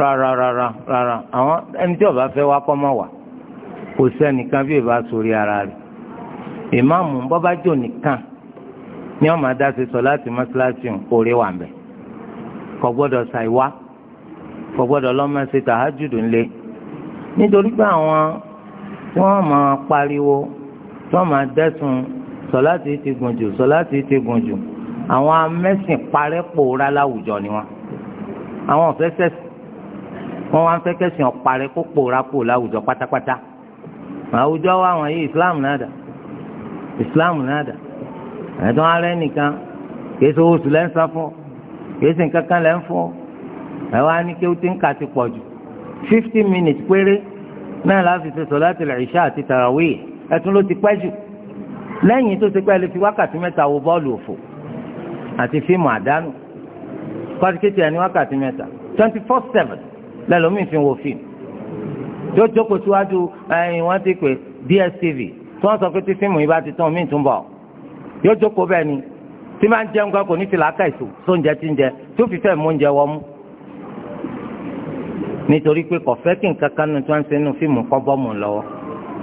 rárá rárá rárá àwọn ẹni tí ó bá fẹ́ wá kọ́ mọ́ wà kò sẹ́nìkan bí ìbá sórí ara rẹ̀ ìmáàmù bọ́bá jò nìkan ní ọmọ adáṣe sọ láti mọ́ṣáláṣí òré wà mbẹ̀ kò gbọ́dọ̀ ṣàìwá kò gbọ́dọ̀ lọ́mọ ṣe tàhájùdù ńlẹ̀ nítorí pé àwọn tí wọ́n máa pariwo tí wọ́n máa dẹ́sùn sọ láti ti gùn jù sọ láti ti gùn jù àwọn amẹ́sìn parẹ́ pòórá láwùjọ ni wọ́n àwọn ọ̀fẹ́ sẹ́sì wọ́n wá ń fẹ́ kẹ́sìn ọ̀parẹ́ kó pòórá kó láwùjọ pátápátá àwùjọ wa wọ̀n yìí Islam náà Islam náà dà ẹ̀dọ́ ara ẹnìkan kìí ṣe oṣù lẹ́ńsà fún kìí ṣe nǹkan kan lẹ́ń fún ẹ̀ wá ní kí ó ti ń kà ti pọ̀ jù fifty minutes péré náà láti ṣe sọ̀látul ìṣá àti tàràwíì ẹ̀tún ló ti pẹ́ jù lẹ́yìn tó ti pẹ́ lè fi wákàtí mẹ́ta wo bọ́ọ̀lù òfò àti fíìmù àdánù pàtíkẹ́tì ẹni wákàtí mẹ́ta twenty four seven lẹ́lọ́mí fi wo fíìmù tí ó jókòó síwájú ẹ̀yìn wọ́n ti pè DSTV tí wọ́n sọ pé tí fíìmù yìí bá ti tán míì tún bọ̀ yóò jókòó bẹ́ẹ̀ ni tí máa ń jẹun kan kò ní ti làákà ìṣó sóúnjẹ tí ń jẹ tí ó fi fẹ́ mú oúnjẹ wọ́n mú nítorí pé kò fẹ́ kí nǹkan kan nu tí wọ́n ń ṣe nu fíìmù kọ́ bọ́ọ̀mù lọ́wọ́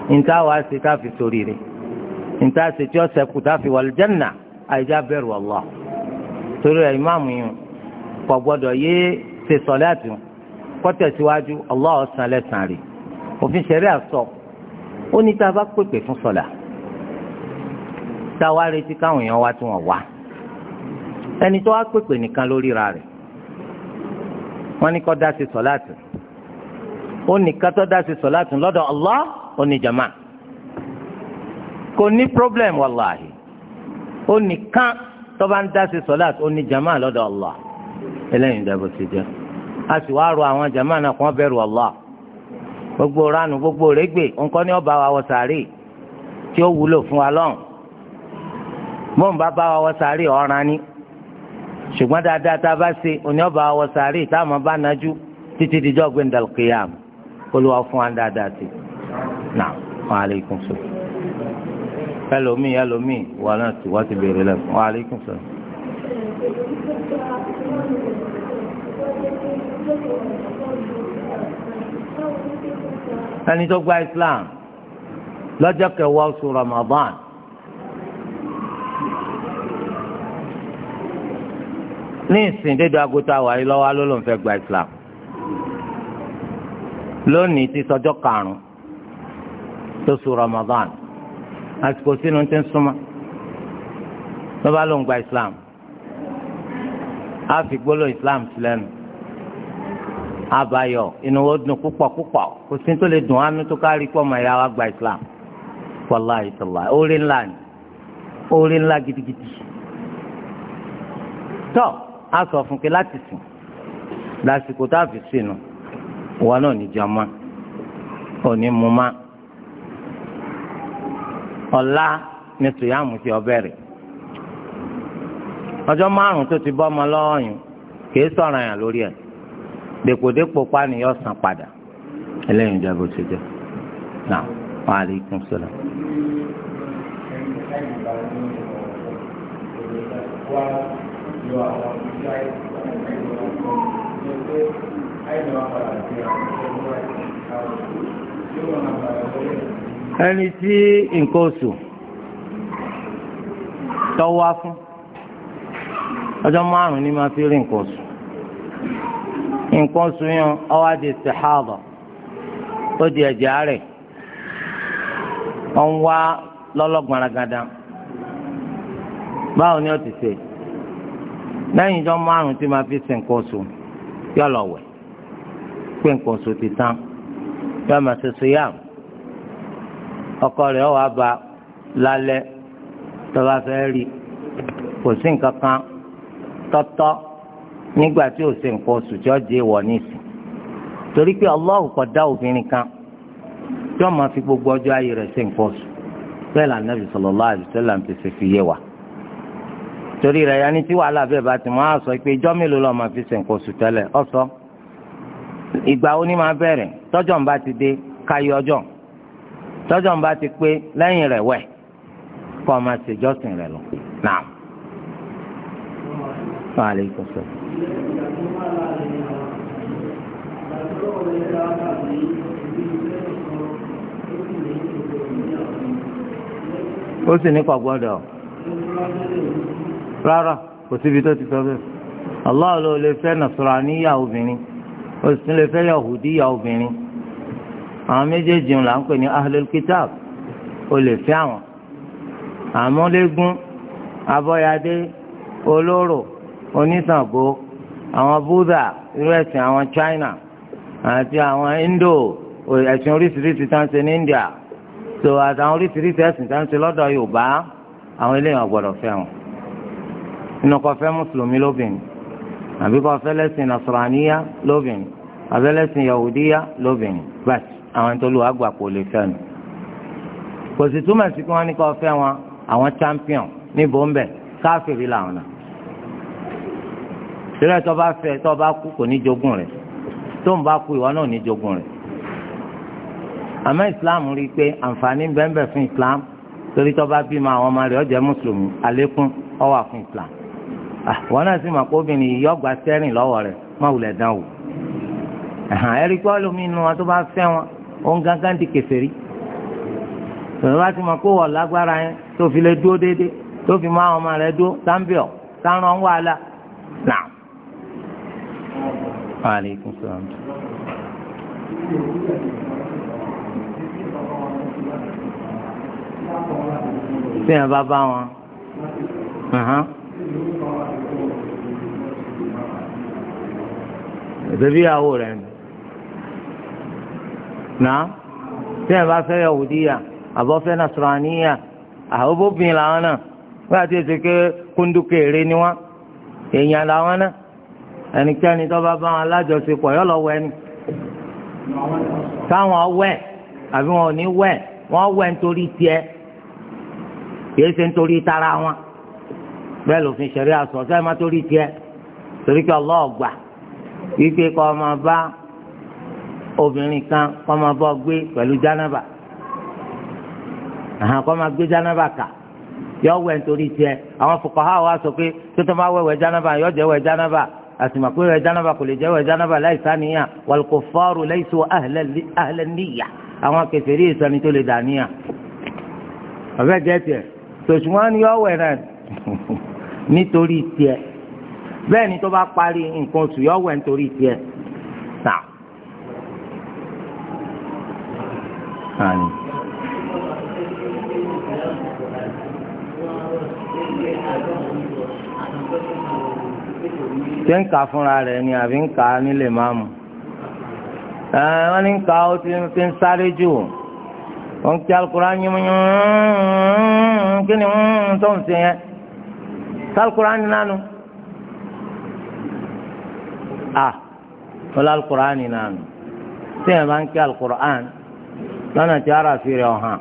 níta wàá ṣe tá a fi sórí rẹ̀ níta ṣe tí ó ṣẹ́kù tá a fi wà lùjẹ́ nà àìjá bẹ̀rù Allah torí ẹ̀ ìmáàmù yìí kò gbọ́dọ̀ yéé ṣe sọ̀láàtì kọ́tẹ̀síwájú Allah ó san lẹ́san rẹ̀ òfin ṣẹ̀rí àsọ ó ní tá a bá pèpè fún sọ̀là tá a wá retí káwọn èèyàn wá tí wọ́n wá ẹni tó wá pèpè nìkan lórí ra rẹ̀ wọ́n ní kó dá ṣe sọ̀láàtì ó nìkan tó dá ṣe sọ̀láàtì lọ́dọ̀ Allah ó ní jama kò ní problem wàláhì ó nìkan tó bá ń dá ṣe sọ̀láàtì ó ní jama lọ́dọ̀ Allah eléyìí ń dẹ́bù sí jẹ́ a sì wá rọ àwọn jàmáà náà kàn bẹ̀rù Allah gbogbo ránù gbogbo rẹ́gbẹ̀ nǹkan ní ọba wa wọ sàárè tí ó wúlò fún wa lọ́hùn bọ́ǹbà bá wa wọ sàárè ọ̀ràn ni ṣùgbọ́n dáadáa tá a bá ṣe òní ọba wọ sàárè táwọn bá nájú títí dijọ́ gbẹ̀ndàlù kìyàm olúwa fún wa dáadáa sí nà wa alaikum salaam ẹlòmíì ẹlòmíì wà náà tí wọ́n ti béèrè lẹ́fún wa alaikum salaam ẹni tó gba Islam lọ́jọ́ kẹwàá oṣù Ramadan ní ìsìn dédé agota wàyí lọ́wọ́ alólùfẹ́ gba Islam lónìí ti sọjọ́ karùn-ún tó oṣù Ramadan àsìkò sínú ti ń súnmọ́ lọ́ba ló ń gba Islam á fi gbólóhùn islam sílẹ̀ nù abayọ inú wo dùn púpọ̀ púpọ̀ kò sí tó lè dùn ánú tó kárí pọ̀ mọ̀ ẹ̀yà wa gba islam wàláyé tọ́lá orí ńlá ni orí ńlá gidigidi tọ́ a sọ fún kí láti sìn lásìkò tá a fi sínú ìwọ náà ní jọmọ òní mú má ọ̀la ni tòyàmù ti ọbẹ̀ rẹ̀ ọjọ́ márùn tó ti bọ́ ọmọ lọ́wọ́ yìí kìí sọ̀rọ̀ yàn lórí ẹ̀ dèpòdépò pàníyàn san padà ẹlẹ́yìn ìjà bó ti jẹ́ náà wà á lè kún sílẹ̀. ẹni tí nǹkan oṣù tọ́wọ́ fún ọjọ́ márùn ni máa fi rí nǹkan oṣù nǹkan oṣù yẹn ọwọ́ adé sèhábà ó di ẹ̀jẹ̀ rẹ̀ ọ̀n wá lọ́lọ́gbọ̀n ragada báwo ni ó ti ṣe lẹ́yìn ọjọ́ márùn-ún tí máa fi ṣe nǹkan oṣù yọ lọ wẹ̀ pé nǹkan oṣù ti tán yọ máa ṣe ṣe yá ọkọ rẹ̀ ọwọ́ àbá lálẹ́ tó fẹ́ rí kò sí nǹkan kan tọ́tọ́ nígbà tí ò ṣe nǹkan oṣù tí ó jẹ́ ìwọ nísìn torí pé Allahu kò dá obìnrin kan tí wọ́n máa fi gbogbo ọjọ́ ayé rẹ̀ ṣe nǹkan oṣù bẹ́ẹ̀ là nàbì sallallahu alaihi wasallam ti ṣe fi yé wa torí rẹ̀ yanni tí wàhálà bẹ́ẹ̀ bá ti mọ́ àṣọ pé ìjọ́ mélòó lọ́ọ́ máa fi ṣe nǹkan oṣù tẹ́lẹ̀ ọ̀ṣọ́ ìgbà wo ni máa bẹ̀rẹ̀ tọ́jọ́ ń bá ti dé káyé ọjọ́ tọ́jọ́ ń bá ti pé lẹ́yìn rẹ̀ wẹ̀ kọ́ ọ máa ṣèjọ́sìn rẹ̀ lọ. Fàálẹ̀ ìkọ̀sọ̀. Ó sì ní kò gbọ́dọ̀. Rárá, kò síbi tó ti sọ bẹ́ẹ̀. Allah ló lè fẹ́ nàṣọ́ra níyà obìnrin. Ó sì tún lè fẹ́ Yahudiya obìnrin. Àwọn méjèèjì là ń pè ní Ahlul Kitab. lè fẹ́ àwọn. Àmúlégún, abọ́yadé, olóró onítàngó àwọn buddha irú ẹ̀sìn àwọn china àti àwọn indo ẹ̀sìn oríṣiríṣi tá ń ṣe ní india so àtàwọn oríṣiríṣi ẹ̀sìn tá ń ṣe lọ́dọ̀ yorùbá àwọn eléyàn gbọ́dọ̀ fẹ́ wọn inú kò fẹ́ mùsùlùmí lóbìnrin àbí kò fẹ́ lẹ́sìn nasraniya lóbìnrin àbí lẹ́sìn yahudiya lóbìnrin bàt àwọn tó lù àgbà kò lè fẹ́ nu kò sì túmọ̀ sí kí wọ́n ní kò fẹ́ wọn àwọn champion ní bọ́m̀bẹ̀ káfíìrì làwọn náà. tẹ́lẹ̀ tó bá fẹ́ tó bá kú kò ní jogún rẹ̀ tó ń bá kú ìwọ náà islam rí i pé àǹfààní fún islam torí tó bá bímọ àwọn ọmọ rẹ̀ ó mùsùlùmí fún islam ah, wọn náà sì mọ̀ pé obìnrin yìí yọ̀gbà sẹ́rìn lọ́wọ́ rẹ̀ má wulẹ̀ dán wò ẹ̀rí pé tó bá Aleykum salaam. Bí ẹ bá bá wọn. Bébí ìyàwó rẹ̀ nù. Nàá tí ẹ bá fẹ́ yahudiya àbọ̀ fẹ́ nasaraniya àwọn obìnrin làwọn náà wọ́n àti ètò kúndùkú èrè ni wọ́n èèyàn làwọn náà ẹnikẹ́ni tó bá bá wọn alájọṣepọ̀ yọ lọ wẹ̀ ni táwọn wẹ̀ àbí wọn ò ní wẹ̀ wọ́n wẹ̀ nítorí tiẹ̀ kìí ṣe nítorí tara wọn bẹ́ẹ̀ lòfin ṣẹ̀rí àṣọ ṣẹ́ má torí tiẹ̀ torí pé ọlọ́ọ̀gbà wípé kọ́ ọ bá obìnrin kan kọ́ máa bọ́ gbé pẹ̀lú jánábà àhàn kọ́ máa gbé jánábà kà yọ wẹ̀ nítorí tiẹ̀ àwọn fòkàhà wa sọ pé tó tó máa wẹ̀wẹ̀ jánábà yọ jẹ́ wẹ̀ jánábà àtìmọ̀pé rẹ̀ jánába kò lè jẹ́wọ́ jánába láì sáníyà wàlùkò fọ́ọ̀rù lẹ́sọ ahlẹ̀ níyà àwọn kẹfẹ́rí ìsọ̀ni tó lè dà níyà. ọ̀fẹ́ jẹ́ tiẹ̀ tòṣùwọ́n ni ọ̀wẹ̀ náà nítorí tiẹ̀ bẹ́ẹ̀ ni tó bá parí nǹkan oṣù yọ̀ nítorí tiẹ̀ náà. ṣé ń kà fúnra rẹ̀ ni àbí ń kà nílé máàmù wọ́n ní ń ó ti ń sáré jù wọ́n kí alukóra yínmúyínmú kí ni tó ń sè yẹn sálukóra ni nánu a wọ́n lálukóra ni nánu tí yẹn bá ń kí alukóra án lọ́nà tí ara fi rẹ̀ ọ̀hán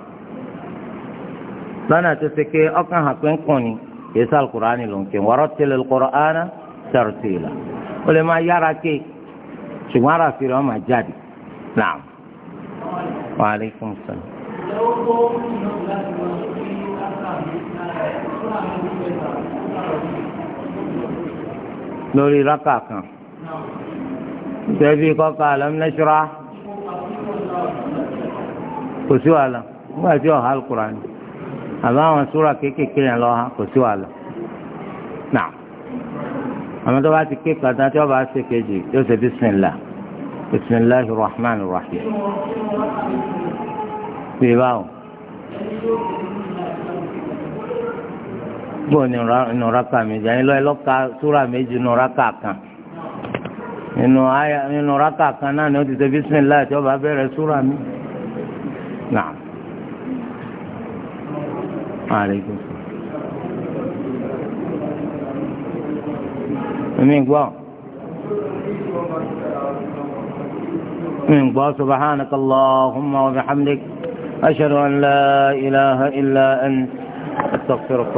lọ́nà tó ṣe ké ọkàn hàn pé ń kàn ní kì í sálukóra ni ló ń kí wọ́rọ́ tẹ̀lé alukóra án náà. tartila ó lè máa yára ké ṣùgbọ́n ara fi rẹ̀ wọ́n máa jáde naam wa lórí rákà kan sẹ́bí kọ́ka alámúnáṣúra kò sí wàhálà nígbà tí ọ̀hà alukura ni àbáwọn súra kéékèèké yẹn lọ́ha kò sí wàhálà. àwọn tó bá ti ké kàtà tí wọ́n bá ṣe kejì yóò ṣe bisimilá bisimilá rahman rahim bí báwo bó nínú raka méjì ẹni lọ́ọ́ lọ́ka súra méjì nínú raka kan nínú àyà nínú raka kan náà ni ó ti ṣe bisimilá tí wọ́n bá bẹ̀rẹ̀ súra mi. Naam. Aleykum امين قوا سبحانك اللهم وبحمدك اشهد ان لا اله الا انت استغفرك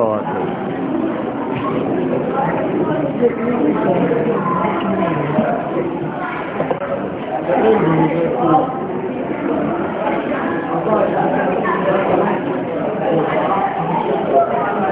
واتوب